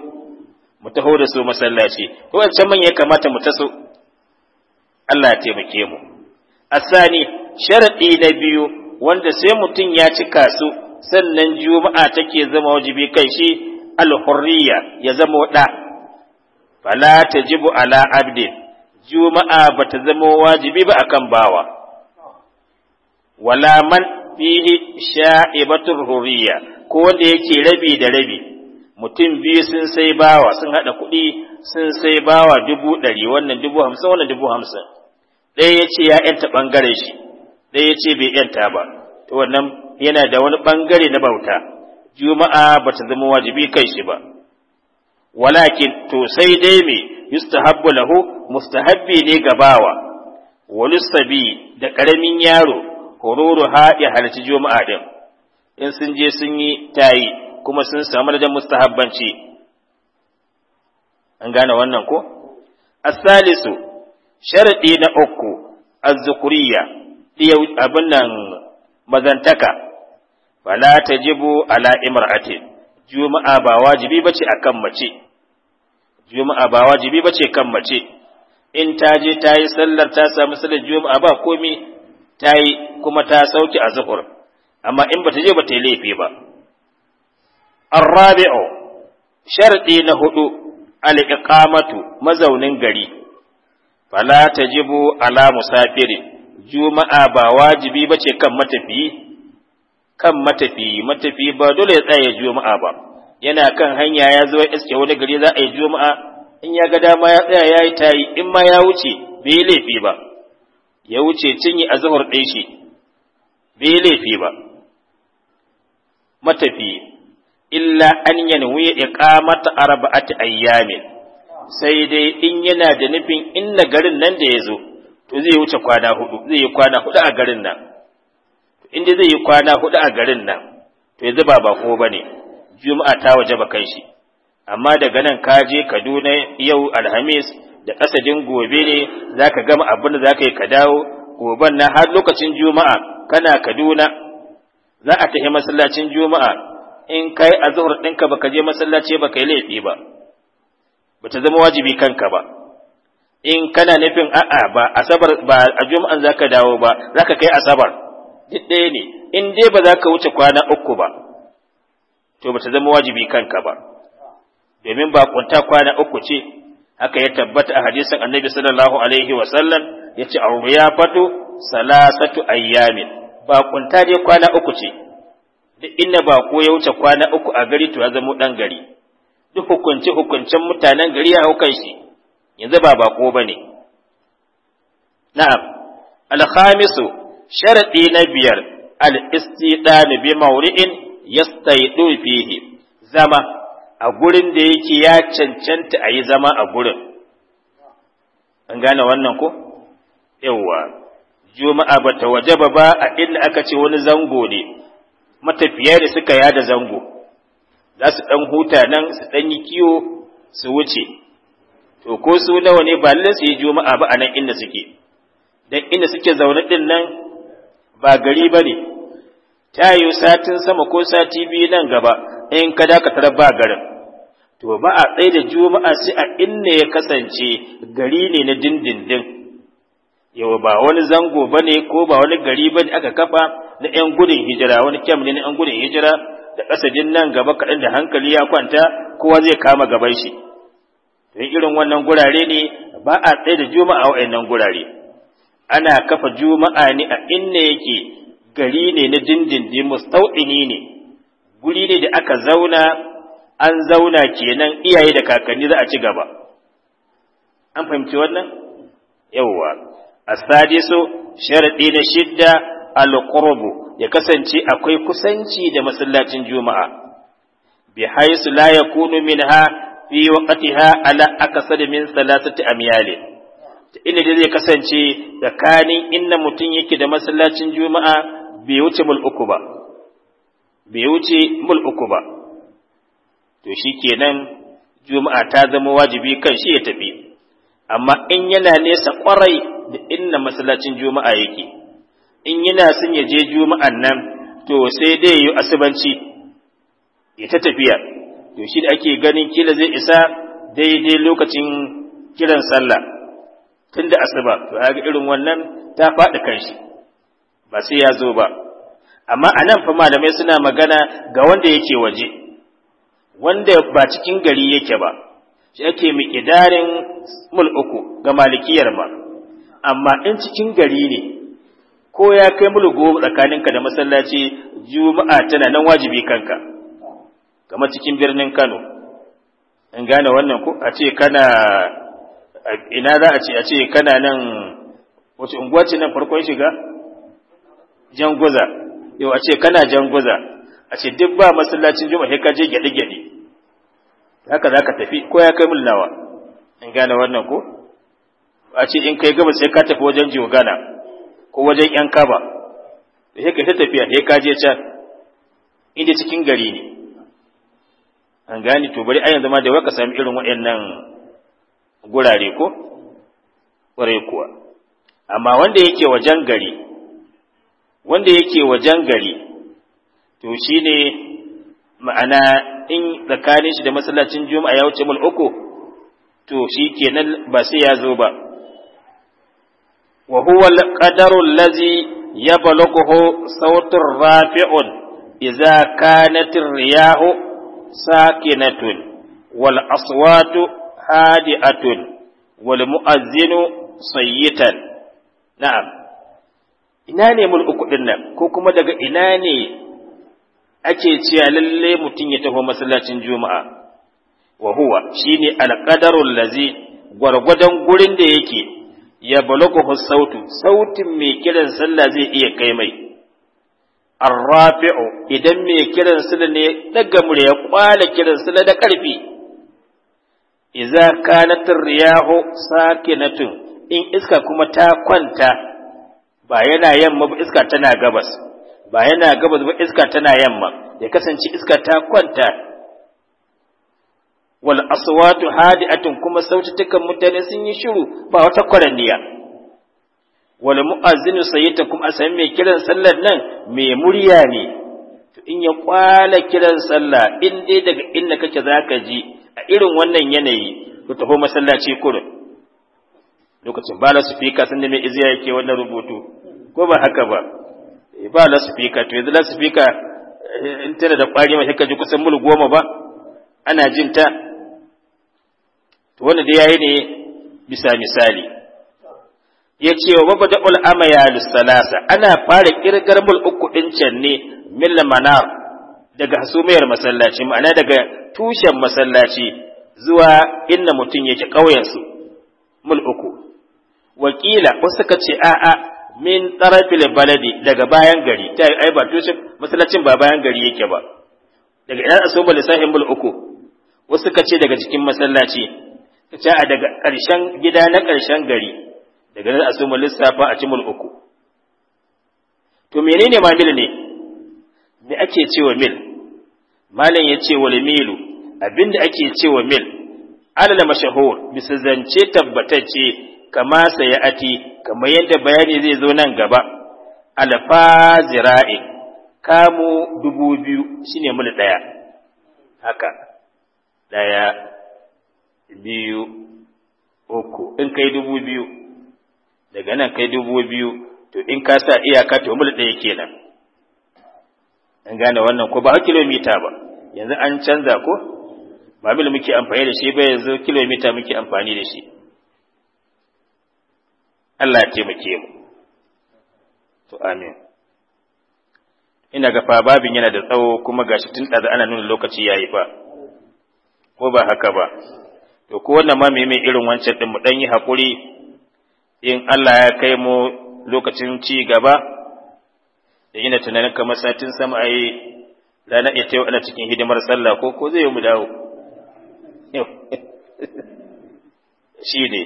mu taho da su masallaci ko wancan manyan kamata mu taso Allah ya taimake mu asani sharadi na biyu wanda sai mutum ya cika su sannan juma'a take zama wajibi kai shi al ya zama da fala tajibu ala Abdi, juma'a bata zama wajibi ba akan bawa wala man fihi sha'ibatul hurriya ko wanda yake rabi da rabi mutum biyu sun sai bawa sun hada kuɗi sun sai bawa dubu ɗari wannan dubu hamsin wannan dubu hamsin ɗaya ya ce ya ‘yanta ɓangaren shi ɗaya ya ce bai ‘yanta ba to wannan yana da wani ɓangare na bauta juma'a ba ta zama wajibi kai shi ba walakin to sai dai me yustahabbu lahu mustahabbi ne ga bawa wani sabi da ƙaramin yaro hororo ha ya halarci juma'a din in sun je sun yi tayi kuma sun samu da mustahabbanci an gane wannan ko asalisu sharadi na uku azzukuriya abin nan mazantaka wala tajibu ala imra'atin juma'a ba wajibi bace akan mace juma'a ba wajibi bace kan mace in ta je ta yi sallar ta samu sallar juma'a ba komai ta yi kuma ta sauki a zuhur amma in bata je ba ta yi laifi ba arrabi'u sharɗi na hudu al-iqamatu mazaunin gari fala tajibu ala musafirin juma'a ba wajibi ba ce kan matafiyi kan matafiyi matafiyi ba dole ya tsaya juma'a ba yana kan hanya ya zo iske wani gari za a yi juma'a in ya ga dama ya tsaya ya yi tayi in ma ya wuce bai yi laifi ba ya wuce cinye a zuhur ɗin shi bai yi laifi ba matafiyi illa an yanwi iqamata arba'ati ayyamin sai dai in yana da nufin inna garin nan da ya zo to zai wuce kwana hudu zai yi kwana hudu a garin nan in dai zai yi kwana hudu a garin nan to yanzu ba ko bane juma'a ta waje ba kan shi amma daga nan ka je Kaduna yau Alhamis da kasadin gobe ne zaka gama abin da zaka yi ka dawo goban nan har lokacin juma'a kana Kaduna za a tafi masallacin juma'a in kai azhur ɗinka baka je masallaci baka yi laifi ba bata zama wajibi kanka ba in kana nufin a'a ba asabar ba a juma'an zaka dawo ba zaka kai asabar duk ɗaya ne in dai ba za ka wuce kwana uku ba to ba ta zama wajibi kanka ba domin ba kunta kwana uku ce haka ya tabbata a hadisin annabi sallallahu alaihi wa sallam a ya fatu salasatu ayyamin ba kunta dai kwana uku ce duk inda ba ko ya wuce kwana uku a gari to ya zama dan gari duk hukunce hukuncen mutanen gari ya haukan shi yanzu ba bako ba ne na'am Alkhamisu, sharaɗi na biyar al-istidani bi mauri'in ya fihi zama a gurin da yake ya cancanta ayi zama a gurin an gane wannan ko yawwa juma'a ba ta wajaba ba a inda aka ce wani zango ne matafiya da suka yada zango za su ɗan huta nan su ɗan yi kiwo su wuce to ko su nawa ne ba lalle su yi juma'a ba a nan inda suke dan inda suke zaune din nan ba gari ba ne ta yi satin sama ko sati biyu nan gaba in ka dakatar ba garin to ba a tsaye da juma'a sai a inda ya kasance gari ne na dindindin yau ba wani zango ba ne ko ba wani gari bane aka kafa na 'yan gudun hijira wani kyam ne na 'yan gudun hijira da kasadin nan gaba kaɗan da hankali ya kwanta kowa zai kama gaban shi da irin wannan gurare ne ba a tsaye da juma'a a wayannan gurare ana kafa juma'a ne a inda yake gari ne na dindindin mustau'ini ne guri ne da aka zauna an zauna kenan iyaye da kakanni za a ci gaba an fahimci wannan yawwa asadisu sharadi na shidda alqurbu ya kasance akwai kusanci da masallacin juma'a bi haisu la yakunu minha fi waqtiha ala akasad min salasati amyal inda dai zai kasance tsakanin inda mutum yake da masallacin juma'a bai wuce mulku ba bai wuce mulku ba to shikenan juma'a ta zama wajibi kan shi ya tafi amma in yana nesa kwarai da inda masallacin juma'a yake in yana son ya je juma'an nan to sai dai yi asubanci ya tafiya to shi da ake ganin kila zai isa daidai lokacin kiran sallah tun da asuba to a ga irin wannan ta faɗi kanshi ba sai ya zo ba amma a nan fa malamai suna magana ga wanda yake waje wanda ba cikin gari yake ba shi ake miƙidarin mul uku ga malikiyar ba. amma in cikin gari ne ko ya kai mulgo tsakaninka da masallaci juma'a tana nan wajibi kanka kama cikin birnin Kano in gane wannan ko a ce kana ina za a ce a ce kana nan wace unguwa ce nan farkon shiga janguza? yau a ce kana janguza? a ce duk ba masallacin juma'a ka je gyaɗe gyaɗe haka za ka tafi ko ya kai mulnawa in gane wannan ko a ce in kai gaba sai ka tafi wajen jogana ko wajen yan kaba da sai ka ta tafiya sai ka je can inda cikin gari ne an gani to bari a yanzu ma da waka sami irin waɗannan gurare ko kware kuwa amma wanda yake wajen gari wanda yake wajen gari to shi ma'ana in tsakanin shi da masallacin juma'a ya wuce mul uku to shi kenan ba sai ya zo ba wa huwa alqadaru allazi yablughu sawtun rafi'un idza kanat riyahu ساكنة والأصوات هادئة والمؤذن صيتا نعم ina ne mulku din nan ko kuma daga ina ne ake cewa lalle mutum ya taho masallacin juma'a wa huwa shine alqadarul lazi gwargwadon gurin da yake ya balagu sautu sautin mai kiran sallah zai iya kai mai arrafi'u idan mai kiran su ne daga mure ya kwala kiran su da ƙarfi iza kanatin riyahu sakinatun in iska kuma ta kwanta ba yana yamma ba iska tana gabas ba yana gabas ba iska tana yamma ya kasance iska ta kwanta wal aswatu hadi'atun kuma sautukan mutane sun yi shiru ba wata kwaranniya wal mu'azzinu kuma a sami mai kiran sallar nan mai murya ne to in ya kwala kiran sallah in dai daga inda kake zaka ji a irin wannan yanayi to taho masallaci kurin lokacin ba la sufika sun da mai iziya yake wannan rubutu ko ba haka ba eh, ba la sufika to yanzu la sufika eh, in tana da kwari mai kaji kusan mul goma ba ana jin ta to wanda dai yayi ne bisa misali ya ce wa mabda'ul amayalu salasa ana fara kirgar mul uku din can ne milla mana daga hasumiyar masallaci ma'ana daga tushen masallaci zuwa inda mutum yake kauyen su mul uku wakila wasu suka ce a'a min tsarafil baladi daga bayan gari ta yi ai ba tushen masallacin ba bayan gari yake ba daga ina asuba lisahin mul uku wasu suka ce daga cikin masallaci ta a daga ƙarshen gida na ƙarshen gari daga nan a suma lissafa a cimul uku to menene ma mil ne me ake cewa mil malam ya ce wal milu abinda ake cewa mil alal mashahur bisa zance tabbatacce kama ati, kamar yadda bayani zai zo nan gaba alfa zira'i kamu dubu biyu shine mil daya haka daya biyu uku in kai dubu biyu daga nan kai dubu biyu to in ka sa iyaka to mil ɗaya kenan an gane wannan ko ba kilomita ba yanzu an canza ko ba mil muke amfani da shi ba yanzu kilomita muke amfani da shi Allah ya taimake mu to amin ina ga fa babin yana da tsawo kuma gashi tun ɗaza ana nuna lokaci yayi fa ko ba haka ba to ko wannan ma mai irin wancan din mu dan yi hakuri in Allah ya kai mu lokacin ci gaba da ina tunanin kamar satin sama a yi ranar ita yau ana cikin hidimar sallah ko ko zai yi mu dawo shi ne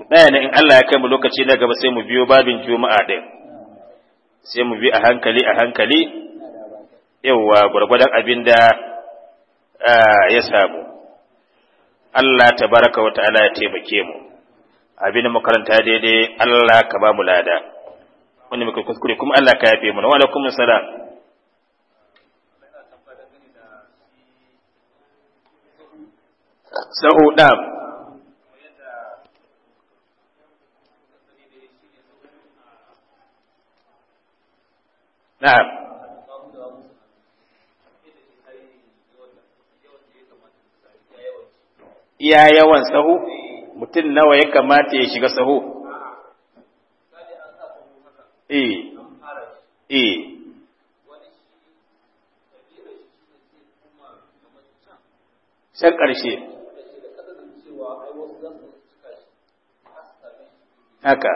mu ne in Allah ya kai mu lokaci na gaba sai mu biyo babin juma'a ɗin sai mu bi a hankali a hankali yauwa gwargwadon abin da ah, ya samu Allah ta baraka wa ta'ala ya taimake mu. abin da makaranta daidai Allah ka ba mu lada wanda muka kuskure kuma Allah ka yafe mu wa alaikum salam sahu dam iya yawan sahu mutum nawa ya kamata ya shiga saho eh eh can ƙarshe haka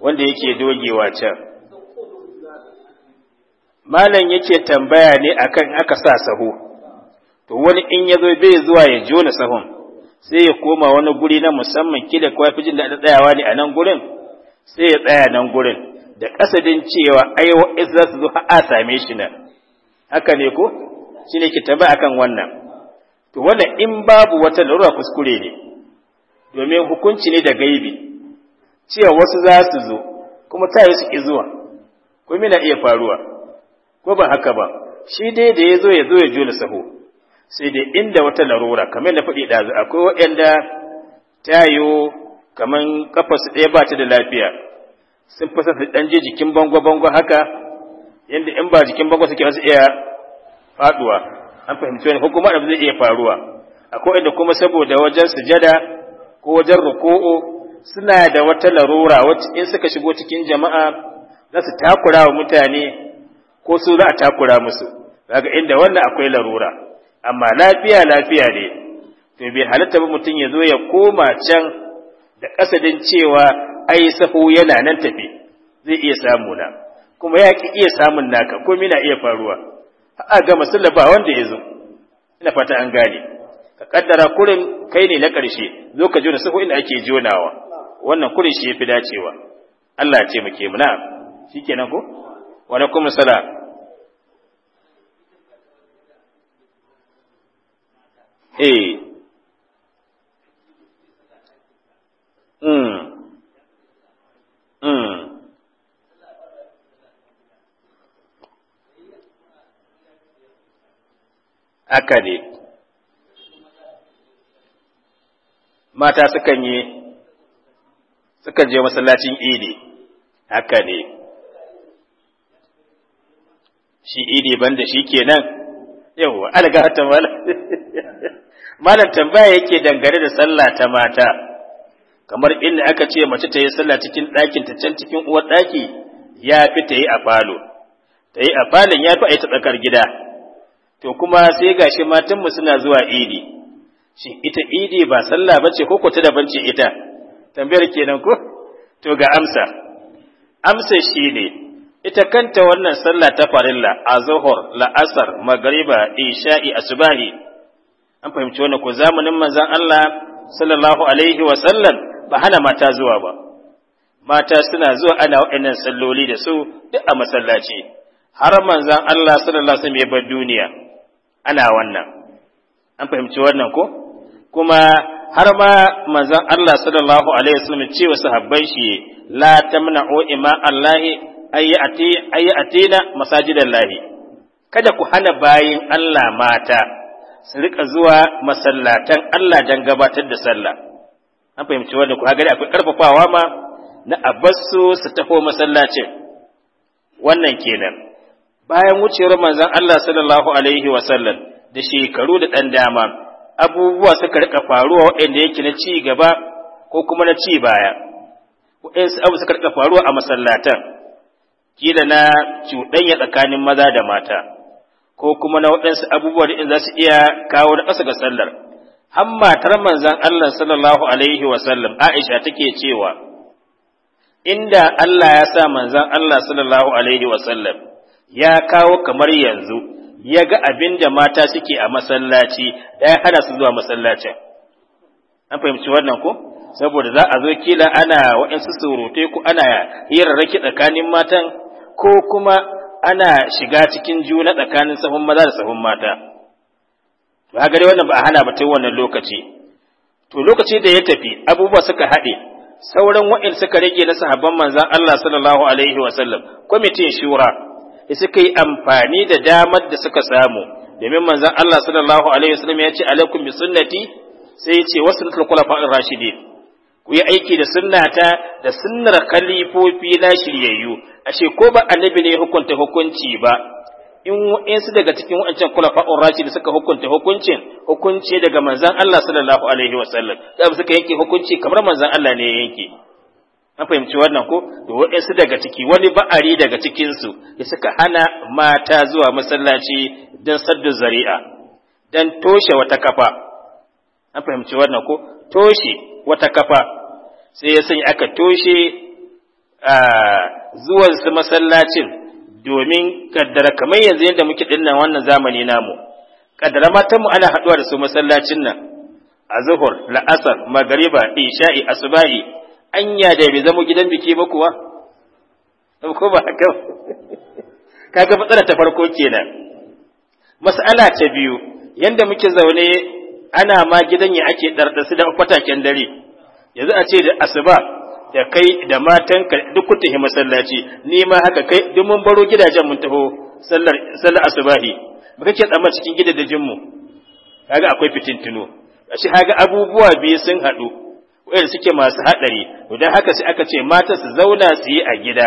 wanda yake dogewa can malam yake tambaya ne akan aka sa saho to wani in ya zo bai zuwa ya jona sahun sai ya koma wani guri na musamman kila kuwa fi jin daɗin tsayawa ne a nan gurin sai ya tsaya nan gurin da kasadin cewa ai wa za su zo a same shi nan haka ne ko shi ne ke akan wannan to wannan in babu wata lura kuskure ne domin hukunci ne da gaibi cewa wasu za su zo kuma ta yi su ki zuwa kuma iya faruwa ko ba haka ba shi dai da ya zo ya zo ya jona saho sai dai inda wata larura kamar na faɗi ɗazu akwai waɗanda ta yiwu kamar kafa su ɗaya ba ta da lafiya sun fasa su ɗan je jikin bango-bango haka yadda in ba jikin bango suke wasu iya faɗuwa an fahimci wani hukuma da zai iya faruwa akwai inda kuma saboda wajen sujada ko wajen ruku'u suna da wata larura wacce in suka shigo cikin jama'a za su takura wa mutane ko su za a takura musu daga inda wannan akwai larura amma lafiya lafiya ne to bai halatta ba mutum ya zo ya koma can da kasadin cewa ai sahu yana nan tafi zai iya samu na kuma ya ki iya samun naka ko mina iya faruwa a ga masalla ba wanda ya zo ina fata an gane ka kaddara kurin kai ne na ƙarshe zo ka jona sahu inda ake jonawa wannan kurin shi yafi dacewa Allah ya ce muke mu na shikenan ko wa alaikum eh mm mm mata sukan yi sukan je masallacin idi haka ne shi idi banda shi kenan yawwa alga hatta mala malam tambaya yake dangane da sallah ta mata kamar inda aka ce mace ta yi sallah cikin ɗakin ta can cikin uwar ɗaki ya fi ta yi a falo ta yi a falon ya fi a yi ta tsakar gida to kuma sai gashi matanmu suna zuwa idi shin ita idi ba sallah bace ko ku ta daban ce ita tambayar kenan ko to ga amsa amsa shi ne ita kanta wannan sallah ta farilla a zuhur la'asar magariba isha'i asubahi an fahimci wannan ko zamanin manzon Allah sallallahu alaihi wa sallam ba hana mata zuwa ba mata suna zuwa ana wa'annan salloli da su duk a masallaci har manzon Allah sallallahu alaihi wasallam ya bar duniya ana wannan an fahimci wannan ko kuma har ma manzon Allah sallallahu alaihi wasallam ce wa sahabban shi la tamna'u ima Allahi ayyati ayyatina masajidallahi kada ku hana bayin Allah mata su rika zuwa masallatan Allah don gabatar da sallah an fahimci wannan ku hagari akwai karfafawa ma na abassu su taho masallacin wannan kenan bayan wucewar manzon Allah sallallahu alaihi wa sallam da shekaru da dan dama abubuwa suka rika faruwa waɗanda yake na ci gaba ko kuma na ci baya waɗansu abu suka rika faruwa a masallatan kila na cuɗanya tsakanin maza da mata ko kuma na waɗansu abubuwa da in za su iya kawo da ƙasa ga sallar har matar manzan Allah sallallahu alaihi wa sallam Aisha take cewa inda Allah ya sa manzan Allah sallallahu alaihi wa sallam ya kawo kamar yanzu ya ga abin da mata suke a masallaci da ya hana su zuwa masallacin an fahimci wannan ko saboda za a zo kila ana waɗansu surutai ko ana hirarraki tsakanin matan ko kuma ana shiga cikin juna tsakanin sahun maza da sahun mata to haka dai wannan ba a hana ba tun wannan lokaci to lokaci da ya tafi abubuwa suka haɗe sauran wa'in suka rage na sahabban manzan Allah sallallahu alaihi wa sallam kwamitin shura da suka yi amfani da damar da suka samu domin manzan Allah sallallahu alaihi wa sallam ya ce alaikum bi sunnati sai ya ce wasu nukul khulafa'ir rashidin ku yi aiki da sunnata da sunnar khalifofi na shiryayyu ashe ko ba annabi ne hukunta hukunci ba in wa'ansu daga cikin wancan kulafa'un rashi da suka hukunta hukuncin hukunci daga manzan Allah sallallahu alaihi wa sallam da suka yanke hukunci kamar manzan Allah ne ya yanke an fahimci wannan ko da wa'ansu daga ciki wani ba'ari daga cikin su da suka hana mata zuwa masallaci don saddu zari'a dan toshe wata kafa an fahimci wannan ko toshe wata kafa sai ya sanya aka toshe zuwan su masallacin domin kaddara kamar yanzu yadda muke dinnan wannan zamani namu kaddara matan mu ana haɗuwa da su masallacin nan a zuhur la'asar magariba isha'i asubahi anya da bai zama gidan biki ba kuwa ko ba haka kaga matsala ta farko kenan mas'ala ta biyu yanda muke zaune ana ma gidan ya ake ɗarɗarsu da kwataken dare yanzu a ce da asuba da kai da matanka duk kun tafi masallaci ni ma haka kai duk mun baro gidajen mun taho sallar sallar asubahi ba kake tsamma cikin gidajen mu kaga akwai fitintuno ashe kaga abubuwa biyu sun haɗu wayanda suke masu haɗari to dan haka sai aka ce mata su zauna su yi a gida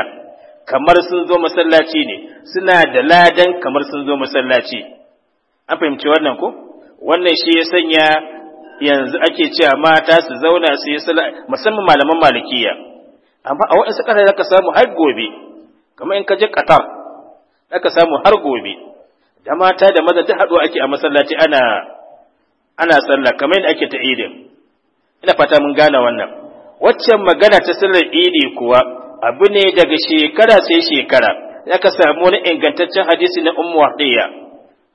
kamar sun zo masallaci ne suna da ladan kamar sun zo masallaci an fahimci wannan ko wannan shi ya sanya yanzu ake cewa mata su zauna su yi sala musamman malaman malikiya amma a waɗansu ƙasashe zaka samu har gobe kamar in ka je Qatar zaka samu har gobe da mata da maza ta haɗuwa ake a masallaci ana ana sallah kamar yadda ake ta idin ina fata mun gane wannan waccan magana ta sallar idi kuwa abu ne daga shekara sai shekara zaka samu wani ingantaccen hadisi na ummu ɗaya.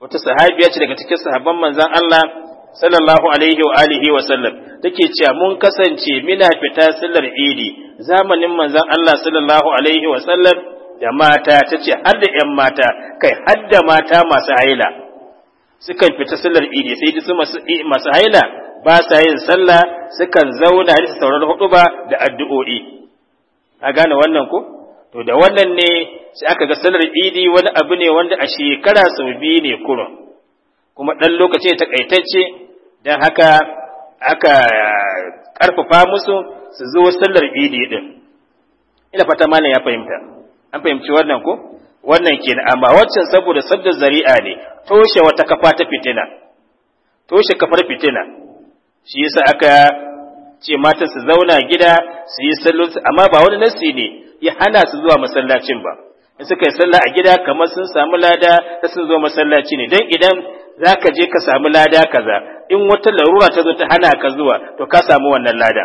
wata sahabiya ce daga cikin sahabban manzon Allah sallallahu alaihi wa alihi wa sallam take cewa mun kasance muna fita sallar idi zamanin manzon Allah sallallahu alaihi wa sallam da mata tace har da ƴan mata kai har da mata masu haila sukan fita sallar idi sai su masu haila ba sa yin sallah sukan zauna da sauraron hutuba da addu'o'i a gane wannan ko to da wannan ne sai aka ga sallar idi wani abu ne wanda a shekara sau biyu ne kurun kuma ɗan lokaci takaitacce don haka aka ƙarfafa musu su zo sallar idi ɗin ina fata malam ya fahimta an fahimci wannan ko wannan kenan amma waccan saboda sabda zari'a ne toshe wata kafa ta fitina toshe kafar fitina shi yasa aka ce matan su zauna gida su yi sallonsu amma ba wani nasi ne ya hana su zuwa masallacin ba in suka yi sallah a gida kamar sun samu lada da sun zo masallaci ne dan idan za ka je ka samu lada kaza in wata larura ta zo ta hana ka zuwa to ka samu wannan lada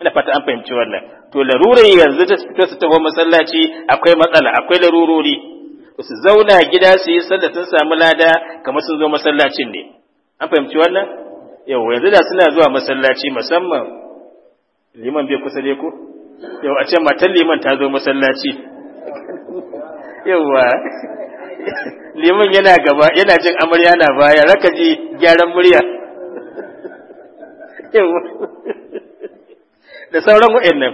ina fata an fahimci wannan to larurar yanzu ta fito su taho masallaci akwai matsala akwai larurori su zauna a gida su yi sallah sun samu lada kamar sun zo masallacin ne an fahimci wannan yau yanzu da suna zuwa masallaci musamman liman bai kusa da ko yau a ce matan liman ta zo masallaci yawa liman yana gaba yana jin amarya na baya raka ji gyaran murya yawa da sauran wa'annan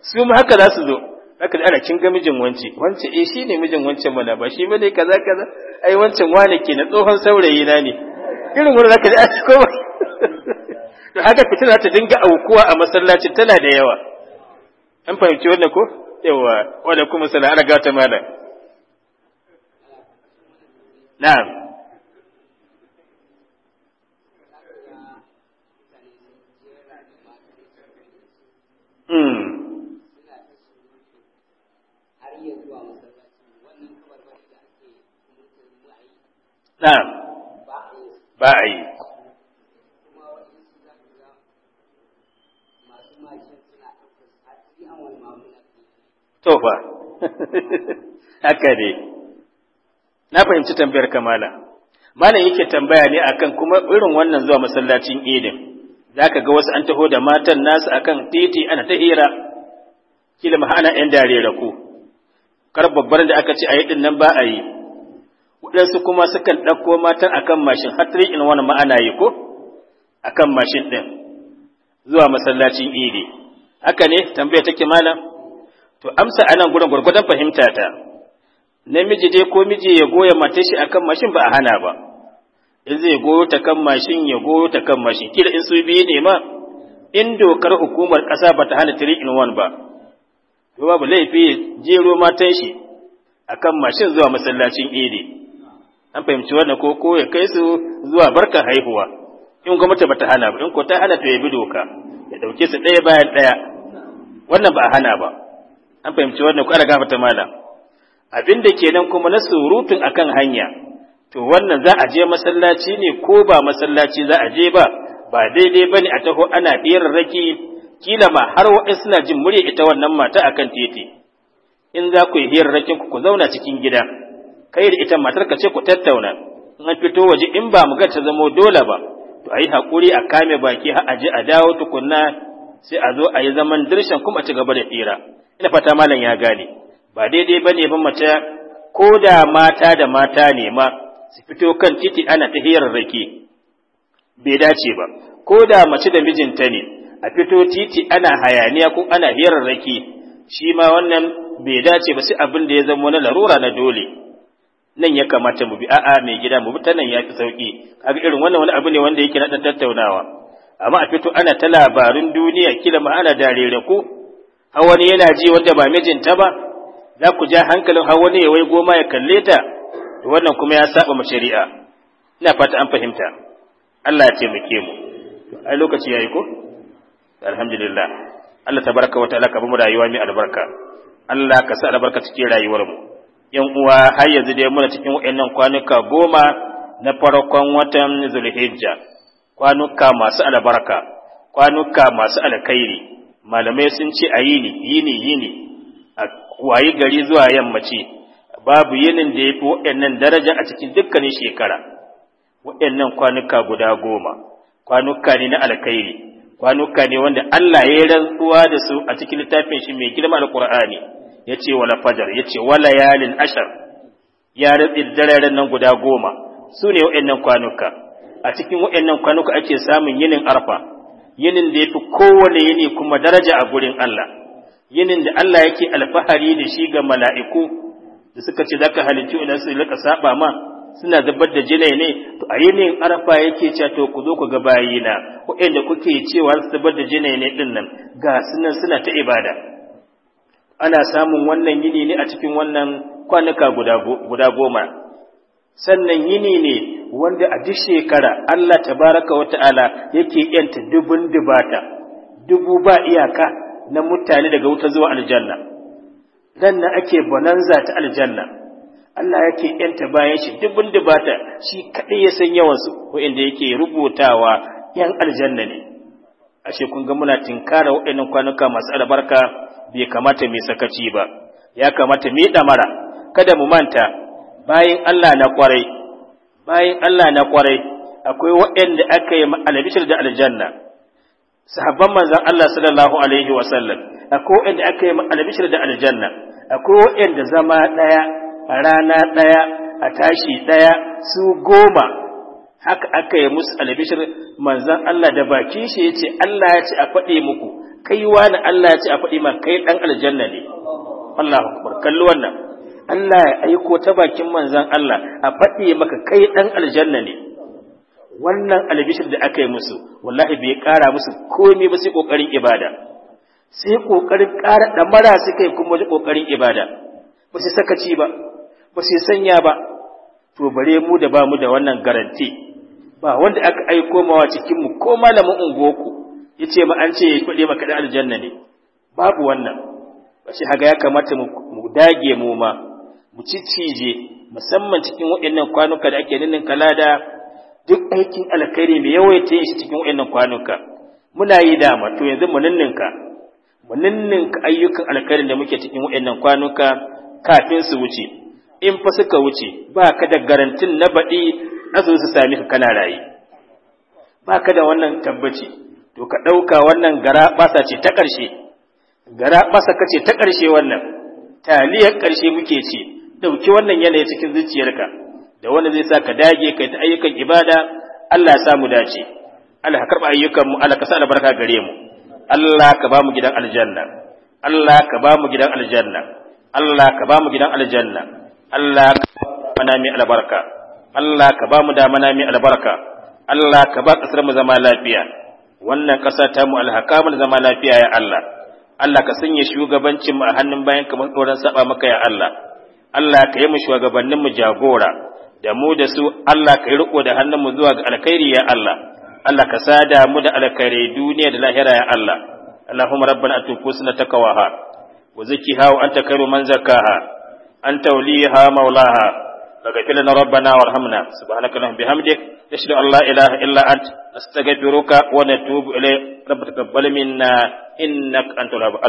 su ma haka za su zo haka da ana kinga mijin wance wance eh shine mijin wancan mana ba shi bane kaza kaza ai wancan wani ke na tsohon saurayi na ne irin wurin zaka ji a ko to haka fitina ta dinga aukuwa a masallacin tana da yawa an fahimci wannan ko yawa wa alaikum salam ana gata malam na'am Hmm. Na'am. Ba a yi. Tofa. Haka ne. na fahimci tambayar kamala malam yake tambaya ne akan kuma irin wannan zuwa masallacin idin zaka ga wasu an taho da matan nasu akan titi ana ta hira kila mahana yan dare ku kar babbar da aka ce a yi din nan ba a yi waɗansu kuma sukan ɗauko matan akan mashin har in wani ma'ana yi ko akan mashin ɗin zuwa masallacin idi haka ne tambaya take malam to amsa anan gurin gwargwadon fahimta ta namiji dai ko miji ya goya mata shi akan mashin ba a hana ba in zai goyo ta kan mashin ya goyo ta kan mashin kila in su biyu ne ma in dokar hukumar ƙasa ba ta hana tiri in one ba to babu laifi jero matan shi akan mashin zuwa masallacin idi an fahimci wannan ko ko ya kai su zuwa barkar haihuwa in gwamnati ba ta hana ba in ko ta hana to ya bi doka ya dauke su ɗaya bayan ɗaya wannan ba a hana ba an fahimci wannan ko ana gafata malam Abinda da kenan kuma na surutun akan hanya to wannan za a je masallaci ne ko ba masallaci za a je ba ba daidai bane a taho ana raki kila ma har waɗin suna jin murya ita wannan mata akan titi in za ku yi hirarrakin ku ku zauna cikin gida kai da ita matar ka ce ku tattauna in an fito waje in ba mu ga ta zamo dole ba to yi hakuri a kame baki har a je a dawo tukunna sai a zo a yi zaman dirshan kuma a ci gaba da tsira ina fata malam ya gane ba daidai ba ne ba mace ko da mata da mata ne ma su fito kan titi ana ta hirarraki bai dace ba ko da mace da mijinta ne a fito titi ana hayaniya ko ana hirarraki shi ma wannan bai dace ba sai abin da ya zama na larura na dole nan ya kamata mu bi a'a mai gida mu bi ta nan ya fi sauki kaga irin wannan wani abu ne wanda yake na tattaunawa amma a fito ana ta labarin duniya kila ma ana dare ko har wani yana ji wanda ba mijinta ba za ku ja hankalin har wani ya waigo ma ya kalle ta to wannan kuma ya saba mu shari'a ina fata an fahimta Allah ya taimake mu ai lokaci yayi ko alhamdulillah Allah tabaraka wa ta'ala ka bamu rayuwa mai albarka Allah ka sa albarka cikin rayuwar mu yan uwa har yanzu dai muna cikin wayannan kwanuka goma na farkon watan Zulhijja kwanuka masu albarka kwanuka masu alkhairi malamai sun ce a yini yini yini wayi gari zuwa yammaci babu yinin da ya fi waɗannan daraja a cikin dukkanin shekara waɗannan kwanuka guda goma kwanuka ne na alkhairi kwanuka ne wanda Allah ya yi rantsuwa da su a cikin littafin shi mai girma alqur'ani yace wala fajar yace wala yalin ashar ya rabi dararen nan guda goma sune ne waɗannan kwanuka a cikin waɗannan kwanuka ake samun yinin arfa yinin da ya fi kowane yini kuma daraja a gurin Allah yinin da Allah yake alfahari da shi ga mala'iku da suka ce zaka halittu idan su laka saba ma suna zubar da jinai ne to a yinin arfa yake cewa to ku zo ku ga bayina inda kuke cewa su zubar da jinai ne din nan ga sunan suna ta ibada ana samun wannan yini ne a cikin wannan kwanuka guda goma sannan yini ne wanda a duk shekara Allah tabaraka wa ta'ala yake yanta dubun dubata dubu ba iyaka na mutane daga wuta zuwa aljanna dan nan ake bonanza ta aljanna Allah yake yanta bayan shi duk dubun dubata shi kadai ya san yawan su inda yake rubutawa yan aljanna ne ashe kun ga muna tinkara waɗannan kwanuka masu albarka bai kamata mai sakaci ba ya kamata mai damara kada mu manta bayan Allah na kwarai bayan Allah na kwarai akwai waɗanda aka yi alabishir da aljanna sahabban manzon Allah sallallahu alaihi wa sallam akwai wanda aka yi albishir da aljanna akwai wanda zama daya a rana daya a tashi daya su goma haka aka yi musu albishir manzan Allah da bakin shi ya ce Allah ya ce a faɗe muku kai wani Allah ya ce a faɗe ma kai ɗan aljanna ne Allah akbar kalli wannan Allah ya aiko ta bakin manzan Allah a faɗe maka kai ɗan aljanna ne wannan albishir da aka yi musu wallahi bai kara musu komai ba sai ƙoƙarin ibada sai ƙoƙarin ƙara ɗamara suka yi kuma kokarin ibada ba su sakaci ba ba su sanya ba to bare mu da ba mu da wannan garanti ba wanda aka aiko mawa cikin mu ko malamin ungoku yace ma an ce ya kuɗe maka da aljanna ne babu wannan ba shi haga ya kamata mu dage mu ma mu ciccije musamman cikin waɗannan kwanuka da ake ninin kalada duk aikin alkhairi mai yawaita yin shi cikin wa'annan kwanuka muna yi dama to yanzu mu ninninka mu ninninka ayyukan alkhairin da muke cikin wa'annan kwanuka kafin su wuce in fa suka wuce ba ka da garantin na baɗi na su su sami ka kana rayi ba ka da wannan tabbaci to ka ɗauka wannan gara ɓasa ce ta ƙarshe gara ɓasa ka ce ta ƙarshe wannan taliyar ƙarshe muke ce ɗauki wannan yanayi cikin zuciyarka da wanda zai sa ka dage kai ta ayyukan ibada Allah ya samu dace Allah ka karba ayyukan mu Allah ka sa albarka gare mu Allah ka ba mu gidan aljanna Allah ka ba mu gidan aljanna Allah ka ba mu gidan aljanna Allah ka ba mu mai albarka Allah ka ba mu da mana mai albarka Allah ka ba kasar mu zama lafiya wannan kasa ta mu alhakamul zama lafiya ya Allah Allah ka sanya shugabancin mu a hannun bayan kamar tsoron saba maka ya Allah Allah ka yi mu shugabannin mu jagora da mu da su Allah ka riko da hannunmu zuwa ga alkhairi ya Allah Allah ka sada mu da alkhairi duniya da lahira ya Allah Allahumma rabbana atu husna taqwaha wa zakkiha wa anta khairu man zakkaha anta waliha maulaha faghfir lana rabbana warhamna subhanaka allahumma bihamdik nashhadu an la ilaha illa ant nastaghfiruka wa natubu ilayk rabbana taqabbal minna innaka antal